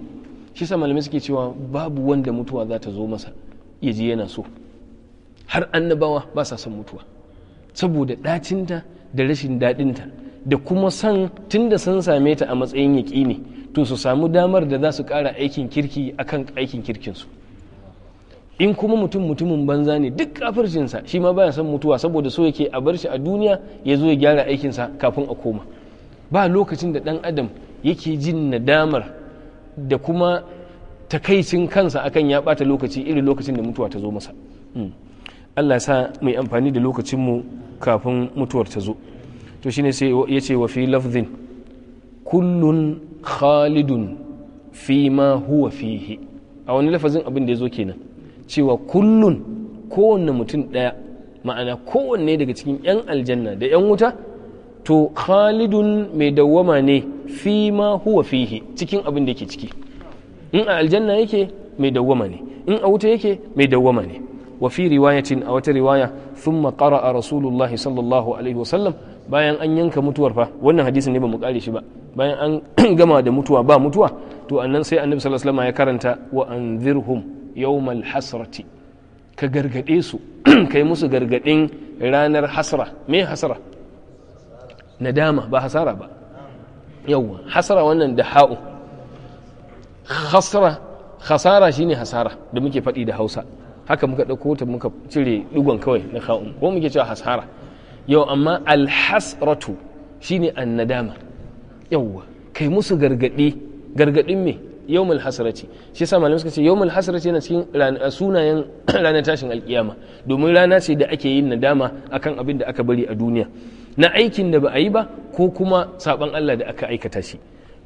shi yasa malamai suke cewa babu wanda mutuwa za ta zo masa ya ji yana so har annabawa ba sa son mutuwa saboda ɗacinta da rashin daɗinta da kuma san da san same ta a matsayin yaƙi ne to su samu damar da za su ƙara aikin kirki akan aikin kirkinsu in kuma mutum mutumin banza ne duk kafircinsa shi ma baya son mutuwa saboda so yake a bar shi a duniya ya zo ya gyara aikinsa kafin a koma ba lokacin da ɗan adam yake jin nadamar da kuma takaicin kansa akan ya ɓata lokaci irin lokacin da mutuwa ta zo masa. Hmm. Allah sa mai amfani da lokacinmu kafin mutuwar ta zo to shine sai ya ce wa fi lafzin kullun khalidun fi ma huwa fihi a wani lafazin abin da ya zo kenan cewa kullun kowanne mutum ɗaya ma'ana kowanne daga cikin 'yan aljanna da 'yan wuta to khalidun mai dawwama ne fi ma huwa fihi cikin abin da ke ciki in a aljanna yake mai dawwama ne in a wuta yake mai dawwama ne وفي رواية أو رواية ثم قرأ رسول الله صلى الله عليه وسلم bayan an yanka mutuwar fa wannan hadisin ne ba mu kare shi ba bayan an gama da mutuwa ba mutuwa to annan sai annabi sallallahu alaihi wasallam ya karanta wa anzirhum yawmal hasrati ka gargade su kai musu gargadin ranar hasra me hasra nadama ba hasara ba yawwa hasara wannan da ha'u hasra khasara shine hasara da muke faɗi da Hausa haka muka ɗauko ta muka cire ɗigon kawai na kha'un ko muke cewa hasara yau amma alhasratu shine annadama yawwa kai musu gargaɗi gargaɗin me yawmul hasrati shi yasa malamai suka ce yawmul hasrati yana cikin sunayen ranar tashin alkiyama domin rana ce da ake yin nadama akan abin da aka bari a duniya na aikin da ba a yi ba ko kuma saban Allah da aka aikata shi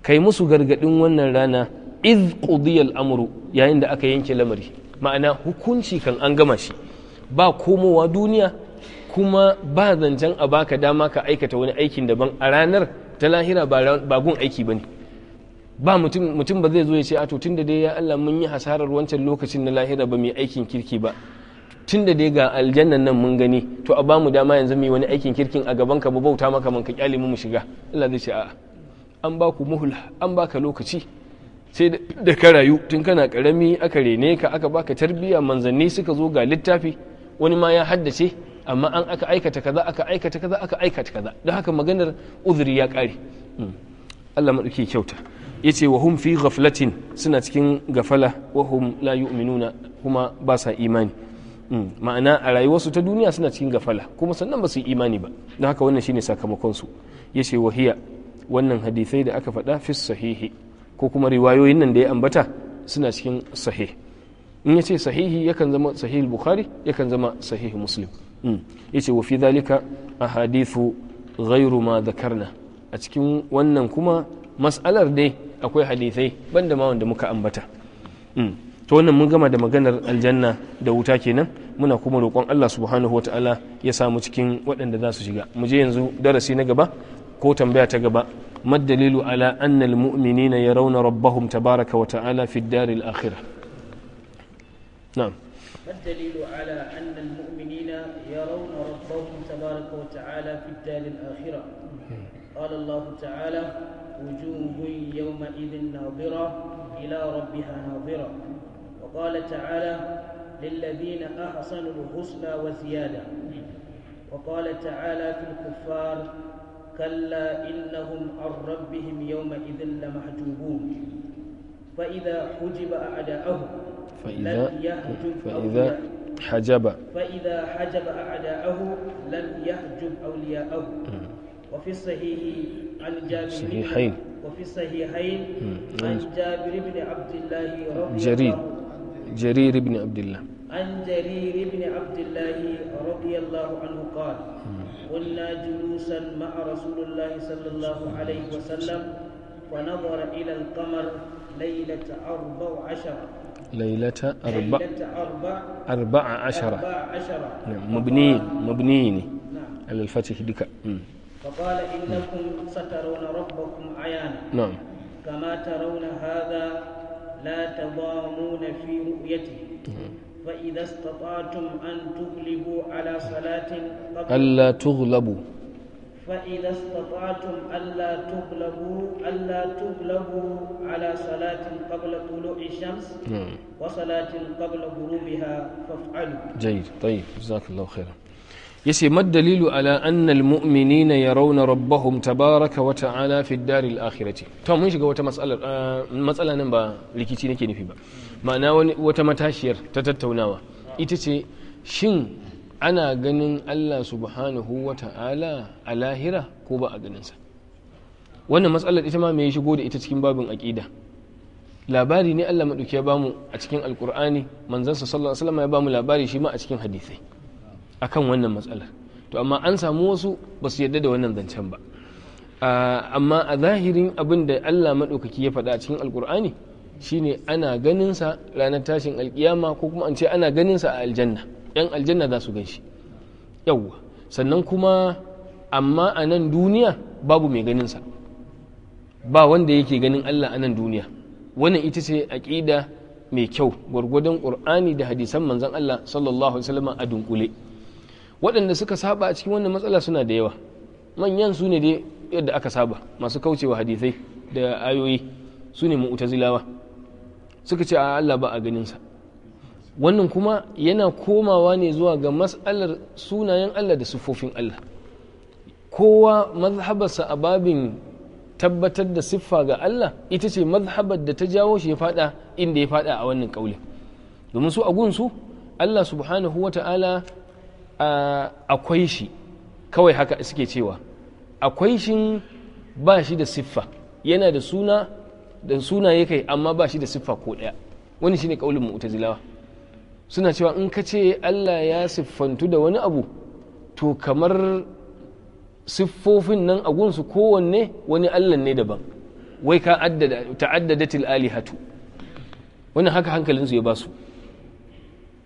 kai musu gargaɗin wannan rana iz qudiya amru yayin da aka yanke lamari ma'ana hukunci kan an gama shi ba komowa duniya kuma ba zancen a baka dama ka aikata wani aikin daban a ranar ta lahira ba gun aiki ba ne ba mutum ba zai zo ya ce a to da dai ya Allah mun yi hasarar wancan lokacin na lahira ba mai aikin kirki ba tun da dai ga aljannan nan mun gani to a bamu dama yanzu mu wani aikin kirkin a gaban ka mu bauta maka man ka kyale mu mu shiga Allah zai ce a'a an ba ku muhla an baka lokaci sai da ka rayu tun kana karami aka rene ka aka baka tarbiyya manzanni suka zo ga littafi wani ma ya haddace amma an aka aikata kaza aka aikata kaza aka aikata kaza don haka maganar uzuri ya kare hmm. Allah maɗauki kyauta yace wa hum fi ghaflatin suna cikin gafala wa hum la yu'minuna kuma ba sa imani hmm. ma'ana a rayuwarsu ta duniya suna cikin gafala kuma sannan ba su yi imani ba don haka wannan shine sakamakon su yace wahiya wannan hadisai da aka faɗa fi sahihi ko kuma riwayoyin nan da ya ambata suna cikin sahih in yace sahihi yakan zama sahih bukhari yakan zama sahih muslim mm. yace wa fi a ahadithu ghairu ma dhakarna a cikin wannan kuma mas'alar dai akwai hadithai banda ma wanda muka ambata mm. to wannan mun gama da maganar aljanna da wuta kenan muna kuma roƙon Allah subhanahu wataala ya samu cikin waɗanda za su shiga mu je yanzu darasi na gaba ko tambaya ta gaba ما الدليل على أن المؤمنين يرون ربهم تبارك وتعالى في الدار الآخرة نعم ما الدليل على أن المؤمنين يرون ربهم تبارك وتعالى في الدار الآخرة قال الله تعالى وجوه يومئذ ناظرة إلى ربها ناظرة وقال تعالى للذين أحسنوا الحسنى وزيادة وقال تعالى في الكفار كلا إنهم عن ربهم يومئذ لمحجوبون فإذا حجب أعداءهم فإذا فإذا حجب فإذا حجب أعداءه لم يحجب أولياءه وفي الصحيح عن جابر صحيحين وفي الصحيحين عن جابر بن عبد الله رضي جرير جرير بن عبد الله عن جرير بن عبد الله رضي الله عنه قال ولا جلوسا مع رسول الله صلى الله عليه وسلم فنظر إلى القمر ليلة أربع عشرة ليلة أربع أربع أربع عشرة نعم مبني مبني نعم. على الفتح دكا فقال إنكم سترون ربكم عيانا نعم كما ترون هذا لا تضامون في رؤيته نعم. فإذا استطعتم أن تغلبوا على صلاة ألا تغلبوا فإذا استطعتم ألا تغلبوا ألا تغلبوا على صلاة قبل طلوع الشمس وصلاة قبل غروبها فافعلوا جيد طيب جزاك الله خيرا yace ma dalilu ala anna ya rauna yarawna rabbahum tabaraka wa ta'ala fi daril akhirati to mun shiga wata matsalar ah, matsala nan ba rikici nake nufi ba ma'ana wata matashiyar ta tattaunawa ita ce shin ana ganin Allah subhanahu wa ta'ala a lahira ko ba a ganinsa wannan matsalar ita ma mai shigo da ita cikin babin aƙida labari ne Allah maɗauki ya bamu a cikin alkur'ani manzansa sallallahu alaihi wasallam ya bamu labari shi ma a cikin hadisai akan wannan matsalar to amma an samu wasu ba su yarda da wannan zancen ba amma a zahirin abin da Allah maɗaukaki ya faɗa a cikin alkur'ani shine ana ganinsa ranar tashin alkiyama ko kuma an ce ana ganinsa a aljanna yan aljanna za su gan shi yawwa sannan kuma amma a nan duniya babu mai ganinsa ba wanda yake ganin Allah a nan duniya wannan ita ce aƙida mai kyau gwargwadon ƙur'ani da hadisan manzon Allah sallallahu alaihi wasallam a dunkule waɗanda suka saba a cikin wannan matsala suna da yawa manyan su ne dai yadda aka saba masu kaucewa hadisai da ayoyi su ne mu'tazilawa suka ce a Allah ba a ganinsa wannan kuma yana komawa ne zuwa ga matsalar sunayen Allah da sufofin Allah kowa mazhabarsa a babin tabbatar da siffa ga Allah ita ce mazhabar da ta jawo shi ya fada inda ya fada a wannan kaulin domin su a gunsu Allah subhanahu wa ta'ala akwai shi kawai haka suke cewa akwai shi ba shi da siffa yana da suna da suna ya kai amma ba shi da siffa ko ɗaya wani shine kaulin mu'tazilawa suna cewa in ka ce Allah ya siffantu da wani abu to kamar siffofin nan a gunsu kowanne wani Allah ne daban wai ka ta'addada tilali alihatu wannan haka hankalinsu ya ba su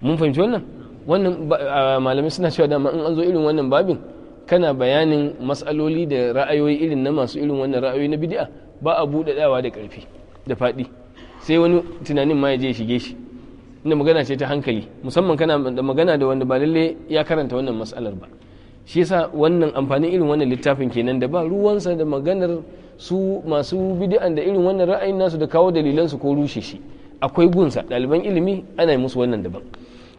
mun fahimci wannan wannan malamai suna cewa dama in an zo irin wannan babin kana bayanin matsaloli da ra'ayoyi irin na masu irin wannan ra'ayoyi na bid'a ba a buɗe dawa da ƙarfi da faɗi sai wani tunanin ma ya je shige shi inda magana ce ta hankali musamman kana da magana da wanda ba lalle ya karanta wannan matsalar ba shi yasa wannan amfanin irin wannan littafin kenan da ba ruwansa da maganar su masu bid'an da irin wannan ra'ayin nasu da kawo dalilansu ko rushe shi akwai gunsa ɗaliban ilimi ana yi musu wannan daban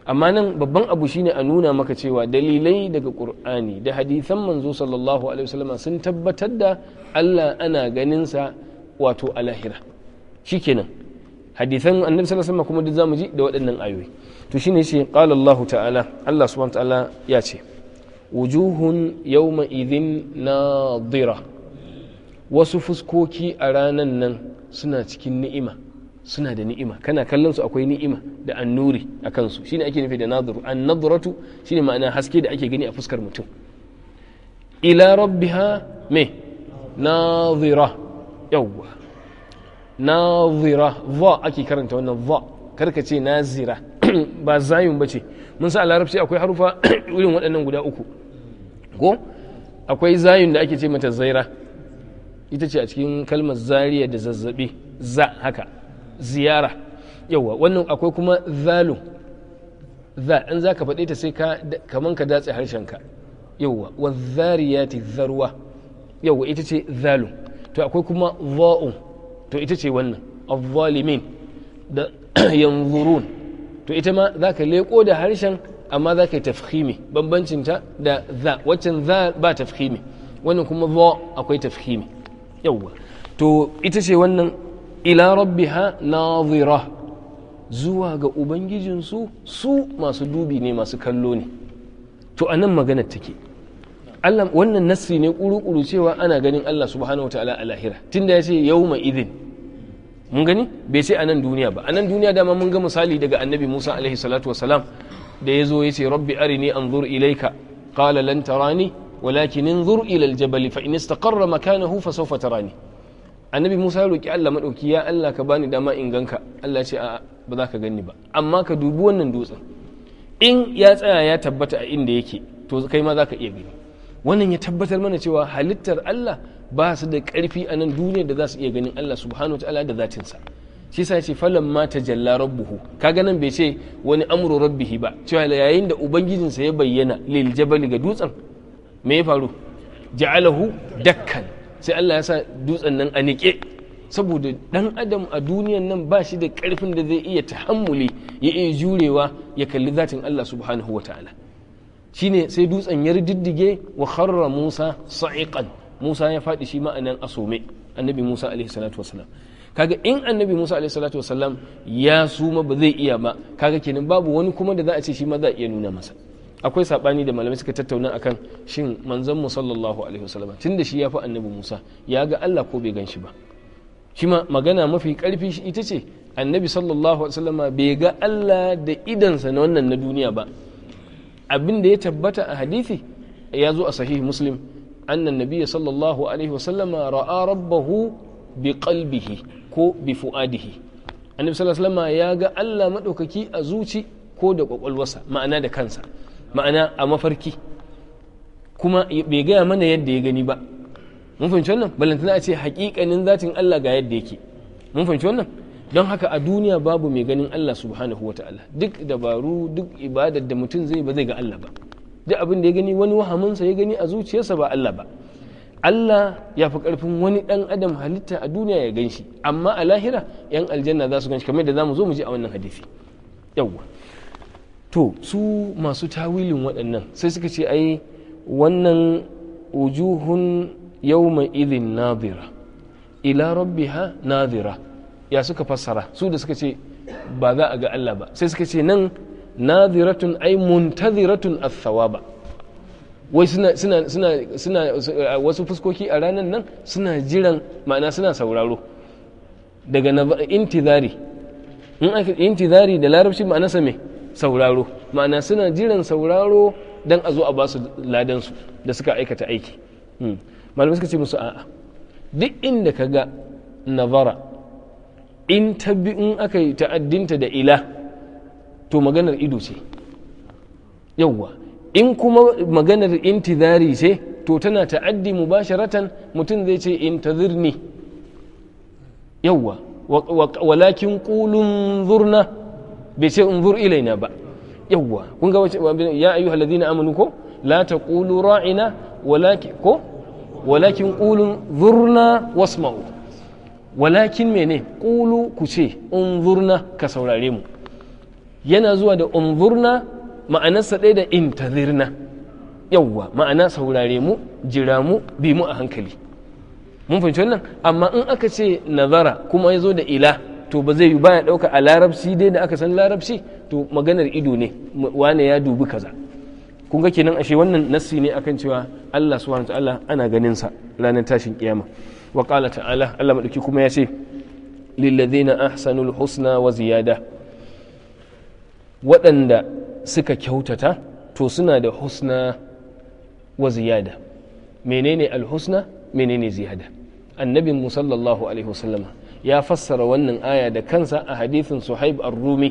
amma nan babban abu shine a nuna maka cewa dalilai daga qur'ani da hadisan manzo sallallahu alaihi wasallam sun tabbatar da Allah ana ganin sa wato a shikenan hadisan annabi sallallahu alaihi wasallam kuma duk zamu ji da waɗannan ayoyi to shine shi qala Allah ta'ala Allah subhanahu ta'ala ya ce wujuhun yawma idhin nadira wasu fuskoki a ranan nan suna cikin ni'ima suna da ni'ima kana kallon su akwai ni'ima da annuri a kansu shine ake nufi da nadhuru an shi shine ma'ana haske da ake gani a fuskar mutum ila rabbiha me nadhira yawwa nadhira va ake karanta wannan va karka ce nazira ba zayun bace mun sa a larabci akwai harufa irin waɗannan guda uku ko akwai zayun da ake ce mata zaira ita ce a cikin kalmar zariya da zazzabi za haka ziyara yawa wannan akwai kuma zalu za in za ka faɗe ta sai ka kaman ka datse harshenka yawa wa zariyati zarwa yawa ita ce zalu to akwai kuma za'u to ita ce wannan azzalimin da yanzurun to ita ma za ka leƙo da harshen amma za ka yi tafhimi bambancinta da za waccan za ba tafhimi wannan kuma za akwai tafhimi yawwa to ita ce wannan ila rabbiha nazira zuwa ga ubangijinsu su masu dubi ne masu kallo ne to anan maganar take Allah wannan nasri ne kuru cewa ana ganin Allah subhanahu wataala a lahira tunda ya ce yawma idin mun gani bai ce anan duniya ba anan duniya dama mun ga misali daga annabi Musa alaihi salatu wasalam da ya zo ya ce rabbi arini anzur ilaika qala lan tarani walakin anzur ila aljabali fa in istaqarra makanahu fa sawfa tarani annabi musa ya roki allah maɗauki ya allah ka bani dama in ganka allah ce a ba za ka gani ba amma ka dubi wannan dutsen in ya tsaya ya tabbata a inda yake to kai ma za ka iya gani wannan ya tabbatar mana cewa halittar allah ba su da karfi a nan duniya da za su iya ganin allah subhanahu ta'ala da zatinsa shi sa ce falon ma ta jalla rabbuhu kaga nan bai ce wani amru rabbihi ba cewa yayin da ubangijinsa ya bayyana lil jabali ga dutsen me ya faru ja'alahu dakkan sai Allah ya sa dutsen nan a niƙe saboda ɗan adam a duniyan nan ba shi da karfin da zai iya tahammuli ya iya jurewa ya kalli zatin Allah subhanahu wataala shine sai dutsen ya diddige wa kharra Musa sa'iqan Musa ya faɗi shi ma'anan asome annabi Musa alaihi salatu wasalam kaga in annabi Musa alaihi salatu wasalam ya suma ba zai iya ba kaga kenan babu wani kuma da za a ce shi ma za a iya nuna masa akwai sabani da malamai suka tattauna akan shin manzon mu sallallahu alaihi wasallam tunda shi ya fi annabi Musa ya ga Allah ko bai gan shi ba shi ma magana mafi karfi ita ce annabi sallallahu alaihi wasallam bai ga Allah da idansa na wannan na duniya ba abin da ya tabbata a hadithi ya zo a sahih muslim annan nabiyya sallallahu alaihi wasallam ra'a rabbahu bi qalbihi ko bi fuadihi annabi sallallahu alaihi wasallam ya ga Allah madaukaki a zuci ko da kwakwalwarsa ma'ana da kansa ma'ana a mafarki kuma bai gaya mana yadda ya gani ba mun fahimci wannan balantana a ce hakikanin zatin Allah ga yadda yake mun fahimci wannan don haka a duniya babu mai ganin Allah subhanahu wa ta'ala duk dabaru duk ibadar da mutum zai ba zai ga Allah ba duk abin da ya gani wani wahaminsa ya gani a zuciyarsa ba Allah ba Allah ya fi karfin wani dan adam halitta a duniya ya ganshi. amma a lahira 'yan aljanna za su gan kamar da za mu zo mu ji a wannan hadisi yawwa to su masu tawilin waɗannan sai suka ce ai wannan ujuhun yau mai ilin nadira ila rabbiha nadira ya suka fassara su da suka ce ba za a ga Allah ba sai suka ce nan tun ai muntaziratun athawaba wai suna suna suna suna wasu fuskoki a ranar nan suna jiran ma'ana suna sauraro daga intizari in aka intizari da larabci ma'ana same. sauraro ma'ana suna jiran sauraro don a zo a ba su ladansu da suka aikata aiki hmm. malamai suka ce musu a'a duk inda ka ga navara in in aka yi ta'addinta da ila to maganar ido ce yawwa in kuma maganar intizari ce to tana ta'addi mu ba sharatan mutum zai ce zirni. yawwa walakin kulun zurna bai ce unzur ilaina ba yawwa kun ga wace ya ayyuhal ladina amanu ko la taqulu ra'ina walakin ko walakin qulu zurna wasma'u walakin mene qulu ku ce unzurna ka saurare mu yana zuwa da unzurna ma'anarsa ɗaya da intazirna yawwa ma'ana saurare mu jira mu bi mu a hankali mun fahimci wannan amma in aka ce nazara kuma ya zo da ila to ba zai yi ya ɗauka a larabci dai da aka san larabci to maganar ido ne wane ya dubi kaza kun ga kenan ashe wannan nassi ne akan cewa Allah subhanahu ta'ala ana ganin sa ranar tashin kiyama wa qala ta'ala Allah madauki kuma ya ce lillazina ahsanul husna wa ziyada waɗanda suka kyautata to suna da husna wa ziyada menene husna menene ziyada annabi musallallahu alaihi wasallama ya fassara wannan aya da kansa a hadithin suhaib ar-rumi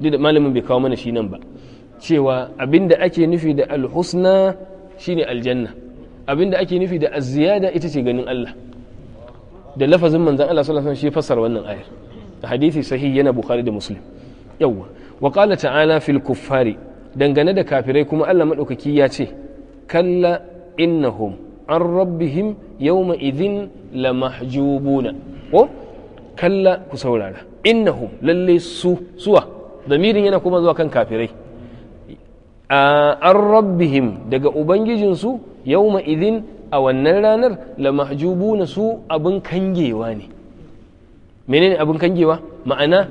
duk da malamin bai kawo mana shi nan ba cewa abinda ake nufi da Al-husna shine aljanna abinda ake nufi da aziyada ita ce ganin Allah da lafazin manzon Allah sallallahu alaihi wasallam shi fassara wannan ayar a hadisi sahih yana bukhari da muslim yawwa wa qala ta'ala fil kuffari dangane da kafirai kuma Allah madaukaki ya ce kalla innahum an rabbihim yawma idhin lamahjubuna ko kalla ku saurara innahum lalle su suwa zamirin yana kuma zuwa kan kafirai an rabbihim daga ubangijinsu yauma idin a wannan ranar la na su abin kangewa ne menene abin kangewa ma'ana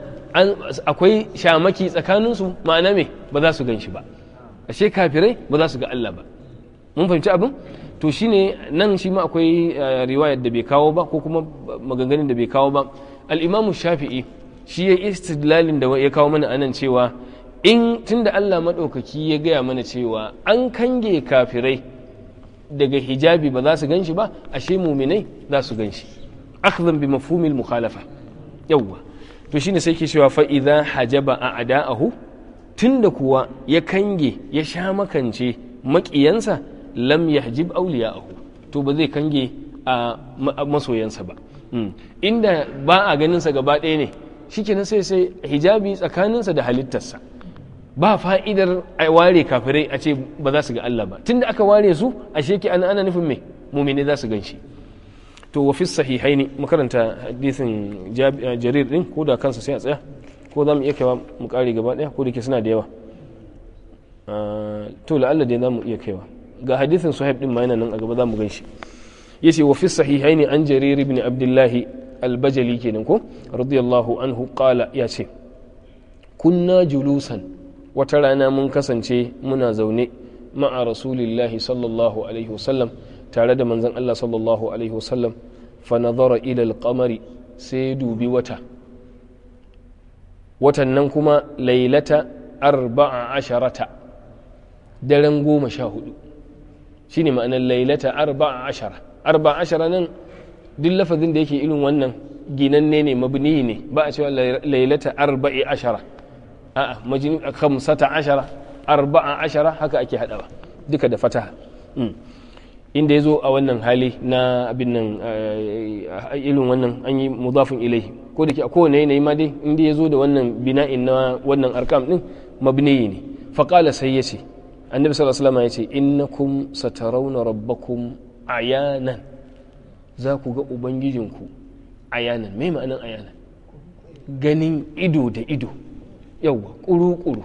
akwai shamaki tsakaninsu ma'ana me ba za su gan shi ba ashe kafirai ba za su ga Allah ba mun fahimci abin to shine nan shi ma akwai eh, riwayar da bai kawo ba ko kuma maganganun da bai kawo ba al'imamu shafi'i shi ya istidlalin da ya kawo mana anan cewa in tunda Allah maɗaukaki ya gaya mana cewa an kange kafirai daga hijabi ba za su gan shi ba ashe muminai za su gan shi akhdhan bi mafhumil mukhalafa yawwa to shine sai ke cewa fa idza hajaba a'da'ahu tunda kuwa ya kange ya sha makance makiyansa lam yahjib awliya'ahu to ba zai kange a masoyansa ba Hmm. inda ba a ganinsa gaba ɗaya ne shikenan sai sai hijabi tsakaninsa da halittarsa ba fa'idar a ware kafirai a ce ba za su ga Allah ba tunda aka ware su a sheki ana ana nufin me mumini za su gan shi to wa fi sahihaini makaranta hadisin eh, jarir din ko da kansa sai a tsaya ko za mu iya kaiwa mu kare gaba daya ko da ke suna da yawa ah, to la'alla dai za mu iya kaiwa ga hadisin suhaib din ma yana nan a gaba za mu gan shi yace wa fi sahihaini an jarir ibn abdullahi albajali kenan ko radiyallahu anhu qala yace kunna julusan wata rana mun kasance muna zaune ma'a rasulillahi sallallahu alaihi wasallam tare da manzon Allah sallallahu alaihi wasallam fa nazara ila alqamari sai dubi wata watan nan kuma lailata arba'a asharata daren goma sha hudu shine ma'anar lailata arba'a ashara arba ashara nan duk lafazin da yake irin wannan ginanne ne mabni ne ba a cewa lailata arba'i ashara a'a majin kamsata ashara arba'a ashara haka ake hadawa duka da fataha hmm. inda ya zo a wannan hali na abin nan eh, ilin wannan an yi mudafin ilai ko da ke a kowane yanayi ma dai inda ya zo da wannan bina'in na wannan arkam din mabniyi ne faƙala sai ya ce annabi sallallahu alaihi wasallam ya ce innakum satarawna rabbakum ayanan za ku ga ubangijinku ayanan mai ma'anin ayanan ganin ido da ido yauwa ƙuru-ƙuru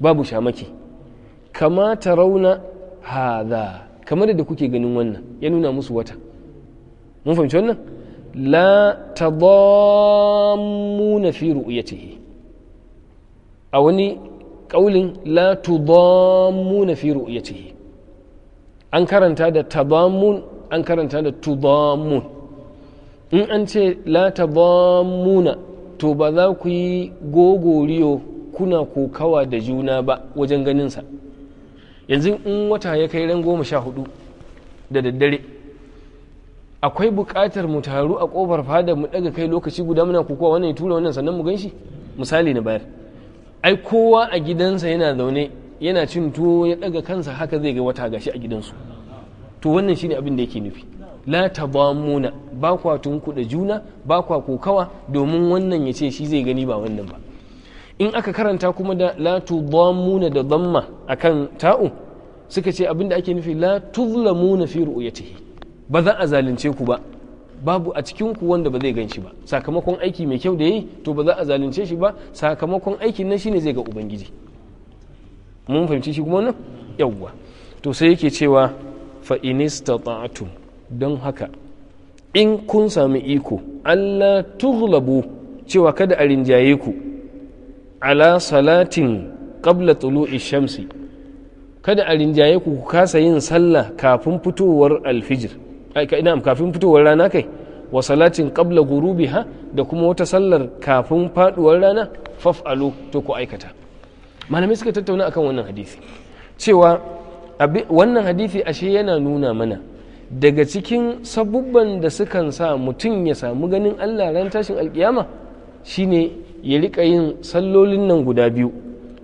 babu shamaki kamata rauna haza kamar da kuke ganin wannan ya nuna musu wata mun fahimci wannan la na fi ru'yatihi a wani ƙaulin la na fi ru'yatihi an karanta da tadamun an karanta da tudamun in an ce la tadamuna to ba za ku yi gogoriyo kuna kokawa da juna ba wajen ganinsa yanzu in wata ya kai ran goma sha hudu da daddare akwai buƙatar mu taru a ƙofar fada mu ɗaga kai lokaci guda muna kokowa wannan ya tura wannan sannan mu gan shi misali na bayar ai kowa a gidansa yana zaune yana cin tuwo ya daga kansa haka zai ga wata gashi a gidansu to wannan shine abin da yake nufi la tabamuna ba kwa da juna ba kwa kokawa domin wannan ya ce shi zai gani ba wannan ba in aka karanta kuma da la tudamuna da damma akan ta'u suka ce abin da ake nufi la tuzlamuna fi ru'yatihi ba za a zalunce ku ba babu a cikin ku wanda ba zai ganshi ba sakamakon aiki mai kyau da yi to ba za a zalunce shi ba sakamakon aikin nan shine zai ga ubangiji mun fahimci shi kuma wannan yawwa to sai yake cewa fa inistata'tum don haka in kun sami iko Allah tughlabu cewa kada a rinjaye ku ala salatin qabla tulu'i shamsi kada a rinjaye ku ku kasa yin sallah kafin fitowar alfijir ina kafin fitowar rana kai wa salatin qabla ghurubiha da kuma wata sallar kafin faduwar rana fafalo to ku aikata malamai suka tattauna akan wannan hadisi cewa wannan hadisi ashe yana nuna mana daga cikin sabubban da sukan sa mutum ya samu ganin allah ran tashin alkiyama shine ya rika yin sallolin nan guda biyu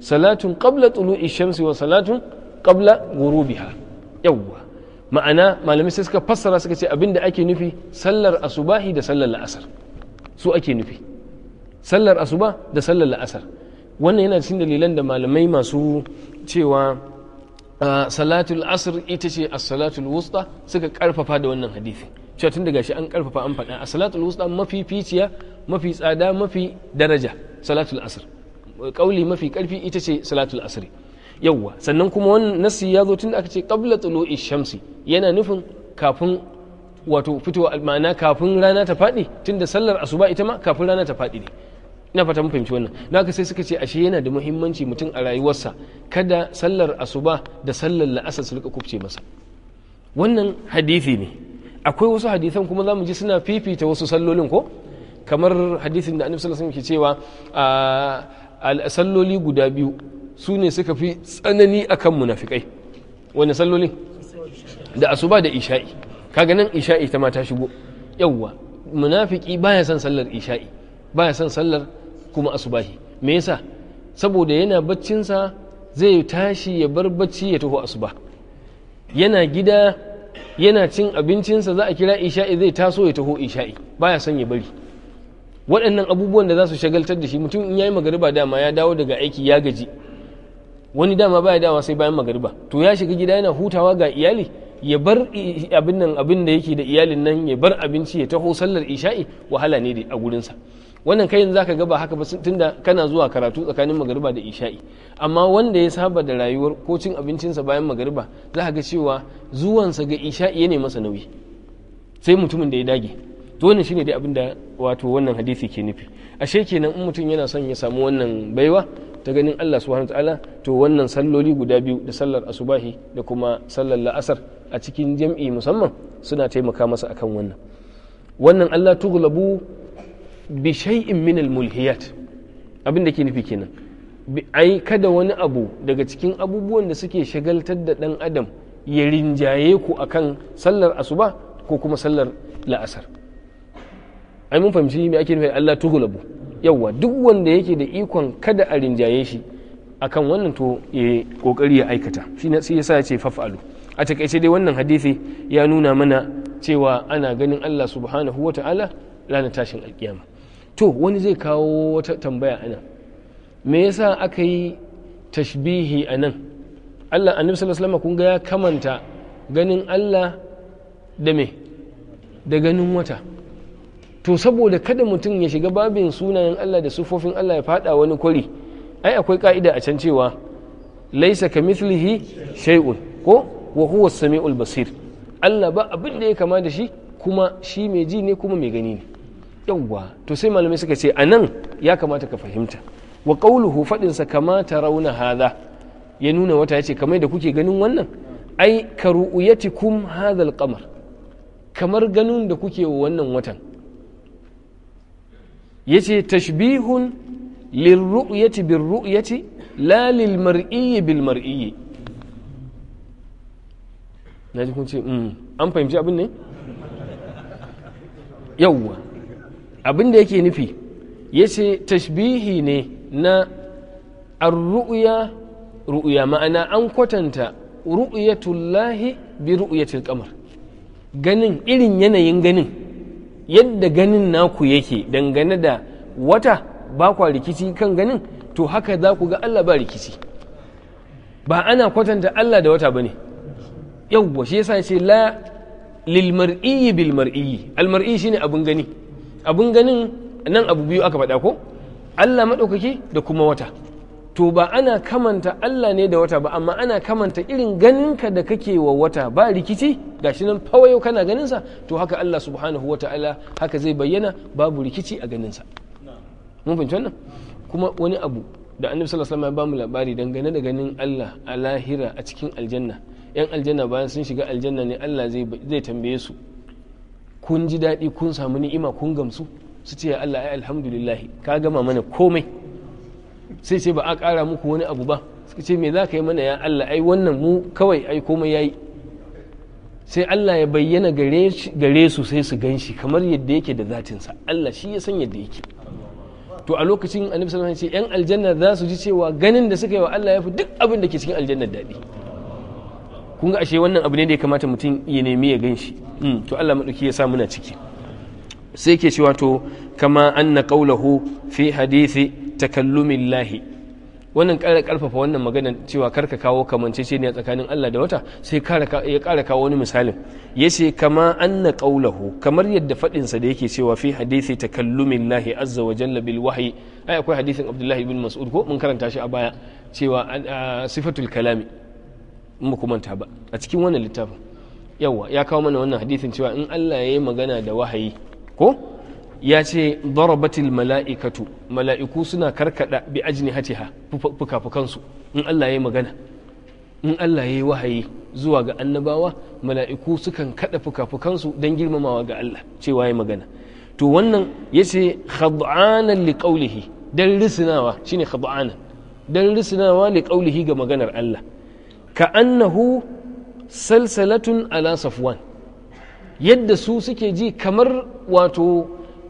salatun qabla tulu'i shamsi wa salatun qabla ghurubiha yawwa ma'ana malamai sai suka fassara suka ce abinda ake nufi sallar asubahi da sallar la'asar su ake nufi sallar asuba da sallar la'asar wannan yana cikin dalilan da malamai masu cewa ah, salatul asr ita ce as-salatul wusta suka karfafa da wannan hadisi cewa tun daga shi an karfafa an faɗa a salatul wusta mafi ficiya mafi tsada mafi daraja salatul asr kauli mafi karfi ita ce salatul asri yawwa sannan kuma wannan nasi ya zo tun da aka ce qabla tulu'i shamsi yana nufin kafin wato fitowa ma'ana kafin rana ta faɗi tunda sallar asuba ita ma kafin rana ta faɗi ne ina fata mun fahimci wannan naka sai suka ce ashe yana da muhimmanci mutum a rayuwarsa kada sallar asuba da sallar la'asar su rika kubce masa wannan hadisi ne akwai wasu hadisan kuma zamu ji suna fifita wasu sallolin ko kamar hadisin da annabi sallallahu alaihi wasallam ke cewa ah, salloli guda biyu su ne suka fi tsanani akan munafikai wani sallolin da asuba da isha'i kaga nan isha'i ta ma ta shigo yauwa munafiki baya son sallar isha'i baya son sallar kuma asubahi me yasa saboda yana baccinsa zai tashi ya bar bacci ya taho asuba yana gida yana cin abincinsa za a kira isha'i zai taso ya taho isha'i baya son ya bari waɗannan abubuwan da za su shagaltar da shi mutum in yayi magariba dama ya dawo daga aiki ya gaji wani dama baya dawa sai bayan magariba to ya shiga gida yana hutawa ga iyali ya bar abin nan abin da yake da iyalin nan ya bar abinci ya taho sallar isha'i wahala ne a gurinsa wannan kai yanzu zaka ga ba haka ba tunda kana zuwa karatu tsakanin magariba da isha'i amma wanda ya saba da rayuwar ko cin abincinsa bayan magariba za ga cewa zuwansa ga isha'i ne masa nauyi sai mutumin da ya dage to wannan shine dai abin da wato wannan hadisi ke nufi ashe kenan in mutum yana son ya samu wannan baiwa ta ganin Allah subhanahu wataala to wannan salloli guda biyu da sallar asubahi da kuma sallar la'asar a cikin jam'i musamman suna taimaka masa akan wannan wannan Allah tughlabu bishai in min al-mulhiyat abin da ke nufi kenan ai kada wani abu daga cikin abubuwan da suke shagaltar da ɗan adam ya rinjaye ku akan sallar asuba ko kuma sallar la'asar ai mun fahimci me ake nufi Allah tuhulabu yawa duk wanda yake da ikon kada a rinjaye shi akan wannan to ya kokari ya aikata shi na sai yasa yace ce faf'alu a takaice dai wannan hadisi ya nuna mana cewa ana ganin Allah subhanahu wata'ala ranar tashin alkiyama to wani zai kawo wata tambaya ana, me yasa aka yi tashbihi anan Allah annabi sallallahu alaihi kun ga ya kamanta ganin Allah da me da ganin wata to saboda kada mutum ya shiga babin sunayen Allah da sufofin Allah ya fada wani kwari ai akwai ka'ida a can cewa laisa ka mithlihi shay'un ko wa huwa samiul basir Allah ba abin da ya kama da shi kuma shi mai ji ne kuma mai gani ne yawwa to sai malamai suka ce anan ya kamata ka fahimta wa qawluhu fadinsa kamata rauna haza ya nuna wata ya ce kamar da kuke ganin wannan ai ka ru'uyati kum hadal qamar kamar ganin da kuke wa wannan watan yace tashbihun lirru'yati birru'yati la lilmar'iyyi bilmar'iyyi na ji kun ce mm, an fahimci abin ne yawwa abin da yake nufi ya ce tashbihi ne na arru'uya ru'uya ma'ana an kwatanta ru'uyatullahi bi ru'uyatul kamar ganin irin yanayin ganin yadda ganin naku yake dangane da wata ba kwa rikici kan ganin to haka za ku ga Allah ba rikici ba ana kwatanta Allah da wata bane yawwa shi yasa ce la lil mar'i bil mar'i al mar'i shine abin gani abun ganin nan abu biyu aka faɗa ko Allah maɗaukaki da kuma wata to ba ana kamanta Allah ne da wata ba amma ana kamanta irin ganinka da kake wa wata ba rikici gashi nan fawayo kana ganinsa to haka Allah subhanahu wa ta'ala haka zai bayyana babu rikici a ganinsa mun fahimci wannan kuma wani abu da annabi sallallahu alaihi wasallam ya bamu labari dangane da ganin Allah a lahira a cikin aljanna yan aljanna bayan sun shiga aljanna ne Allah zai tambaye su kun ji daɗi kun samu ni'ima kun gamsu su ce Allah ya alhamdulillah ka gama mana komai sai ce ba a ƙara muku wani abu ba suka ce me za ka yi mana ya Allah ai wannan mu kawai ai komai yayi sai Allah ya bayyana gare su sai su gan shi kamar yadda yake da zatinsa Allah shi ya san yadda yake to a lokacin annabi sallallahu alaihi wasallam ce yan aljanna za su ji cewa ganin da suka yi wa Allah ya fi duk abin da ke cikin aljannar daɗi kun ga ashe wannan abu ne da ya kamata mutum ya nemi ya gan shi hmm. to Allah maɗauki ya sa muna ciki sai ke cewa to kama anna qawluhu fi hadithi takallamin wannan ƙara ƙarfafa wannan magana cewa karka kawo a tsakanin Allah da wata sai ya ƙara kawo wani misalin ya ce kama anna qawluhu kamar yadda faɗinsa da yake cewa fi hadithi takallumin lahi azza wa jalla bil wahyi ai akwai hadithin Abdullahi ibn Mas'ud ko mun karanta shi a baya cewa sifatul kalami in ba manta ba a cikin wannan littafin yawa ya kawo mana wannan hadisin cewa in Allah ya yi magana da wahayi ko ya ce darabatil mala'ikatu mala'iku suna karkada bi ajni hatiha fukafukansu in Allah ya yi magana in Allah ya yi wahayi zuwa ga annabawa mala'iku sukan kada fukafukansu don girmamawa ga Allah cewa ya magana to wannan ya ce khad'anan li qawlihi dan risinawa shine khad'anan dan risinawa li qawlihi ga maganar Allah ka annahu salsalatun ala safwan yadda su suke ji kamar wato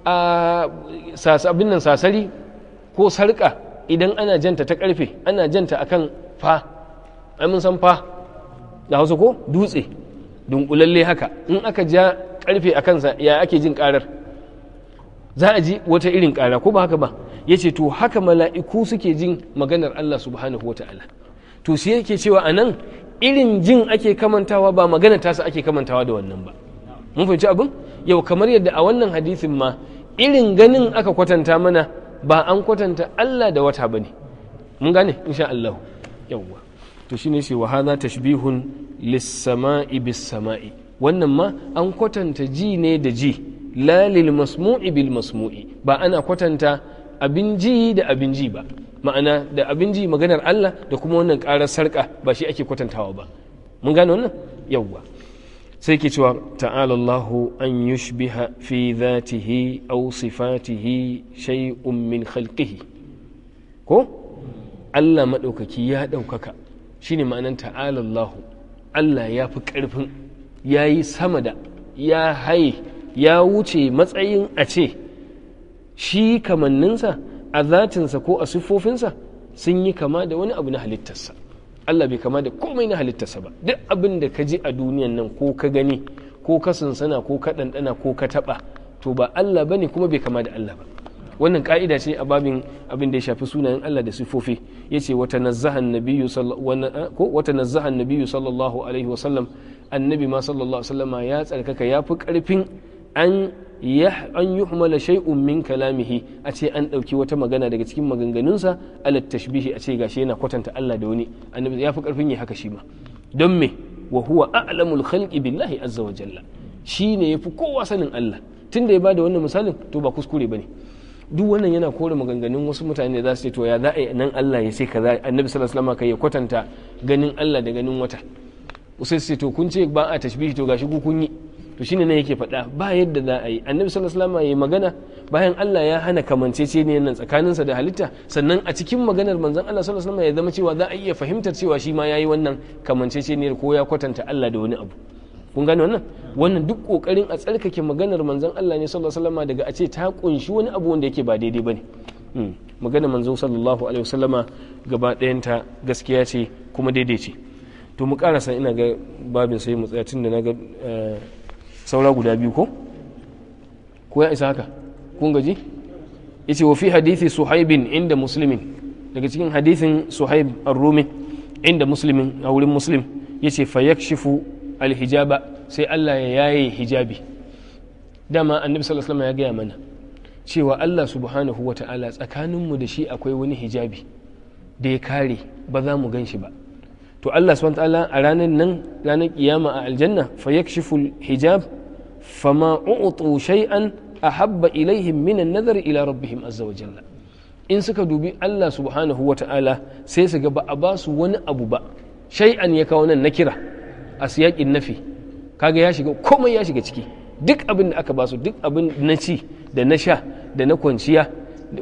abin nan sasari ko sarƙa idan ana janta ta ƙarfe ana janta akan fa mun san fa da hausa ko dutse dunkulalle haka in aka ja ƙarfe a kansa ya ake jin ƙarar za a ji wata irin kara ko ba haka ba ya ce to haka mala'iku suke jin maganar allah subhanahu wa ta'ala to su yake cewa a nan irin jin ake kamantawa ba magana tasa ake kamantawa da wannan ba mun fahimci abin yau kamar yadda a wannan hadisin ma irin ganin aka kwatanta mana ba an kwatanta Allah da wata bane mun gane insha Allah yawwa to shine shi wa hadha tashbihun lis-sama'i bis-sama'i wannan ma an kwatanta ji ne da ji la lil masmu'i bil masmu'i ba ana kwatanta abin ji da abin ji ba ma'ana da abin ji maganar Allah da kuma wannan ƙarar sarka ba shi ake kwatantawa ba mun gane wannan yawwa sai ke cewa ta'ala Allah an yushbiha fi dhatihi aw sifatihi shay'un min khalqihi ko Allah madaukaki ya daukaka shine ma'anan ta'ala Allah Allah ya fi ya yayi sama da ya hai ya wuce matsayin a ce shi kamanninsa a zatinsa ko a siffofinsa sun yi kama da wani abu na halittarsa Allah bai kama da komai na halittarsa ba duk abin da ka ji a duniyan nan ko ka gani ko ka sansana, ko ka ɗanɗana ko ka taɓa to ba Allah ba ne kuma bai kama da Allah ba wannan ka'ida ce a babin abin da ya shafi sunayen Allah da sifofi yace wata nazzahan nabiyyu eh, ko wata nazzahan nabiyyu sallallahu alaihi wasallam annabi ma sallallahu alaihi wasallama ya tsarkaka ya fi ƙarfin." an an yuhmala shay'un min kalamihi a ce an ɗauki wata magana daga cikin maganganunsa alat tashbihi a ce gashi yana kwatanta Allah da wani annabi ya fi karfin yi haka shi ma don me wa huwa a'lamul khalqi billahi azza wa jalla shine yafi kowa sanin Allah tunda ya bada wannan misalin to ba kuskure bane duk wannan yana kore maganganun wasu mutane za su ce to ya za a yi nan Allah ya sai kaza annabi sallallahu alaihi wasallam kai ya kwatanta ganin Allah da ganin wata usai su ce to kun ce ba a tashbihi to gashi ku kun yi to shine ne yake faɗa ba yadda za a yi annabi sallallahu alaihi wasallam yayi magana bayan Allah ya hana kamanceceniyan nan tsakaninsa da halitta sannan a cikin maganar manzon Allah sallallahu alaihi wasallam ya zama cewa za a iya fahimtar cewa shi ma yayi wannan kamanceceniyar ko ya kwatanta Allah da wani abu kun gane wannan wannan duk kokarin a tsarkake maganar manzon Allah ne sallallahu alaihi wasallam daga a ce ta kunshi wani abu wanda yake ba daidai bane hmm. maganar manzon sallallahu alaihi wasallama gaba ɗayanta gaskiya ce kuma daidai ce to mu karasa ina ga babin sai mu tsaya tun da na ga eh, saura guda biyu ko ko ya isa haka kun gaji yace wa hadithi suhaibin inda muslimin daga cikin hadithin suhaib ar-rumi inda muslimin a wurin muslim yace fa yakshifu al-hijaba sai Allah ya yaye hijabi dama annabi sallallahu alaihi wasallam ya gaya mana cewa Allah subhanahu wata'ala tsakaninmu da shi akwai wani hijabi da ya kare ba za mu gan shi ba to Allah subhanahu ta'ala a ranar nan ranar kiyama a aljanna fa yakshifu hijab fama u'tu shay'an ahabba ilaihim min an-nazar ila rabbihim azza wa jalla in suka dubi Allah subhanahu wata'ala sai su ga ba a ba su wani abu ba shay'an ya kawo nan na kira a siyaƙin nafi kaga ya shiga komai ya shiga ciki duk abin da aka ba su duk abin na ci da na sha da na kwanciya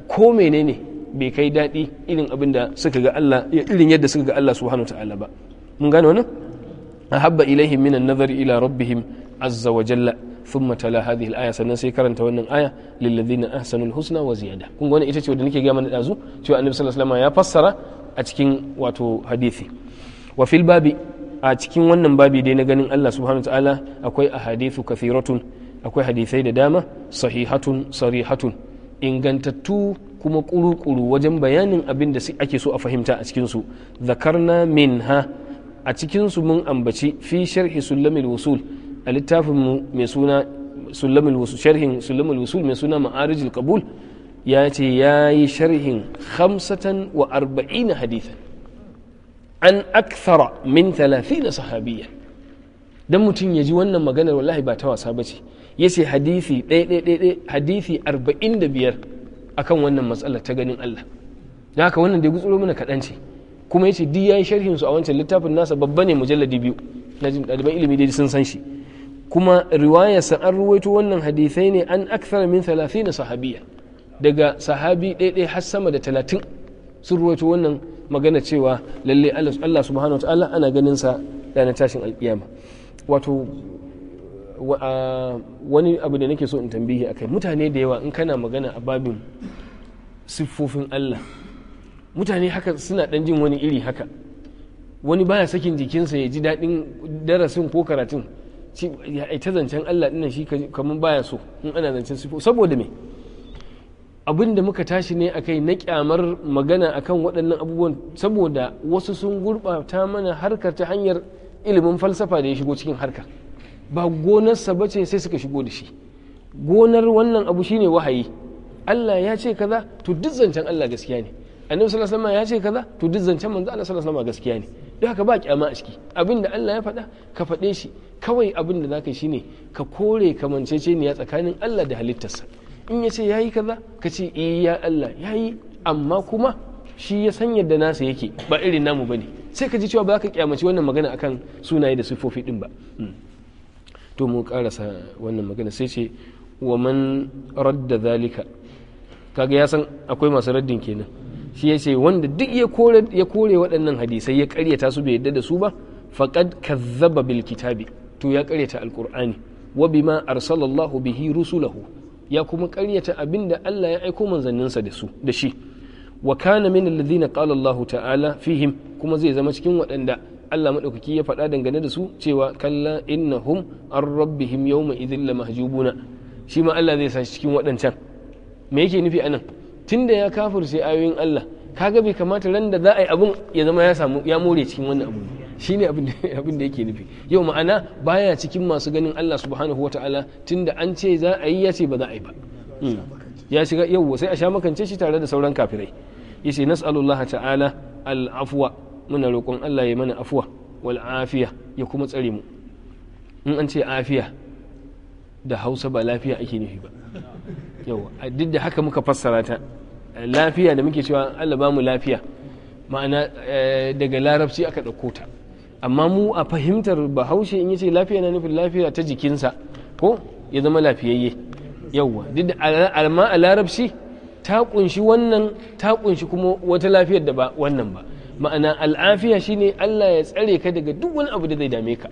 ko menene bai kai daɗi irin abin da suka ga Allah irin yadda suka ga Allah subhanahu ta'ala ba mun gane wannan ahabba ilaihim mina nazari ila rabbihim azza wa jalla thumma tala hadhihi al-aya sannan sai karanta wannan aya lil ladina ahsanul husna wa ziyada kun ga wannan ita ce wanda nake ga mana dazu cewa annabi sallallahu alaihi wasallam ya fassara a cikin wato hadisi wa fil babi a cikin wannan babi dai na ganin Allah subhanahu ta'ala akwai ahadithu kathiratun akwai hadisai da dama sahihatun sarihatun ingantattu kuma ƙuru wajen bayanin abin da ake so a fahimta a cikinsu zakarna min ha a cikinsu mun ambaci fi sharhi sulamil wusul a littafin mai suna sulamil wusul sharhin sulamil mai suna ma'arijil kabul ya ce ya yi sharhin hamsatan wa arba'in hadithan an akthara min talatin sahabiyya dan mutum ya ji wannan maganar wallahi ba ta wasa ba ce ya ce hadithi ɗaya ɗaya ɗaya hadithi arba'in da biyar akan wannan matsalar ta ganin Allah da haka wannan da ya gutsuro mana kaɗan ce kuma ya ce duk ya yi sharhin su a wancan littafin nasa babba ne mujalladi biyu na jin ɗaliban ilimi dai sun san shi kuma riwayarsa an ruwaito wannan hadisai ne an akthara min 30 sahabiya daga sahabi ɗaiɗai har sama da talatin sun ruwaito wannan magana cewa lalle Allah subhanahu wa ta'ala ana ganin sa ranar tashin alkiyama wato wani abu da nake so in tambihi akai mutane da yawa in kana magana a babin siffofin Allah mutane haka suna dan jin wani iri haka wani baya sakin jikinsa ya ji daɗin darasin ko karatun ya ta zancen Allah ɗinnan shi kamar baya so in ana zancen siffo saboda me abin da muka tashi ne akai na kyamar magana akan waɗannan abubuwan saboda wasu sun gurɓata mana harkar ta hanyar ilimin falsafa da ya shigo cikin harkar ba gonarsa ba ce sai suka shigo da shi gonar wannan abu shine wahayi Allah ya ce kaza to duk zancen Allah gaskiya ne annabi sallallahu alaihi ya ce kaza to duk zancen manzo Allah sallallahu alaihi gaskiya ne don haka ba kyama a ciki abin da Allah ya faɗa ka faɗe shi kawai abin da zaka shine ka kore ka mancece ya tsakanin Allah da halittarsa in ya ce yayi kaza ka ce eh ya Allah yayi amma kuma shi ya san yadda nasa yake ba irin namu bane sai ka ji cewa ba ka kyamaci wannan magana akan sunaye da sifofi din ba hmm. to mu karasa wannan magana sai ce wa man radda zalika kaga ya san akwai masu raddin kenan shi ya ce wanda duk ya kore ya kore waɗannan hadisai ya karyata su bai yadda da su ba faqad kazzaba bil kitabi to ya karyata alqur'ani wa bima arsalallahu bihi rusulahu ya kuma karyata abinda Allah ya aiko manzanninsa da su da shi wa kana min alladhina qala Allah ta'ala fihim kuma zai zama cikin waɗanda Allah madaukaki ya faɗa dangane da su cewa kalla innahum an rabbihim yawma idhil lamahjubuna shi ma Allah zai sa shi cikin waɗancan me yake nufi anan tunda ya sai ayoyin Allah kaga bai kamata ran da za a yi abun ya zama ya samu ya more cikin wannan abu shine abin da yake nufi yau ma'ana baya cikin masu ganin Allah subhanahu wataala tunda an ce za a yi ya ce ba za a yi ba hmm. ya shiga yau sai a sha makance shi tare da sauran kafirai yace nas'alullah ta'ala al afuwa. muna roƙon Allah ya mana afuwa wal afiya ya kuma tsare mu in an ce afiya da hausa ba lafiya ake nufi ba yau duk da haka muka fassara ta lafiya da muke cewa Allah ba mu lafiya ma'ana eh, daga larabci aka ɗauko ta amma mu a fahimtar bahaushe in yace lafiya na nufin lafiya ta jikinsa ko ya zama lafiyayye yauwa duk da alma a larabci ta kunshi wannan ta kunshi kuma wata lafiyar da ba wannan ba ma'ana al'afiya shine Allah ya tsare ka daga duk wani abu da zai dame ka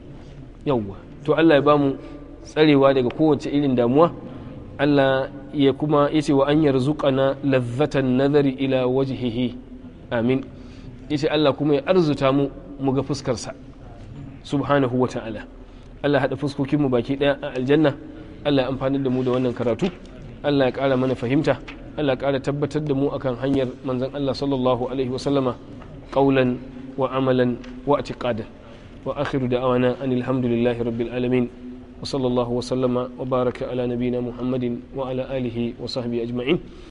yawwa to Allah ya bamu tsarewa daga kowace irin damuwa Allah ya kuma yace wa an yarzuqana lazzatan nazari ila wajhihi amin yace Allah kuma ya arzuta mu mu ga fuskar sa subhanahu ta'ala Allah hada fuskokin mu baki daya a aljanna Allah ya amfani da mu da wannan karatu Allah ya kara mana fahimta Allah ya kara tabbatar da mu akan hanyar manzon Allah sallallahu alaihi wasallama قولا وعملا واعتقادا وآخر دعوانا أن الحمد لله رب العالمين وصلى الله وسلم وبارك على نبينا محمد وعلى آله وصحبه أجمعين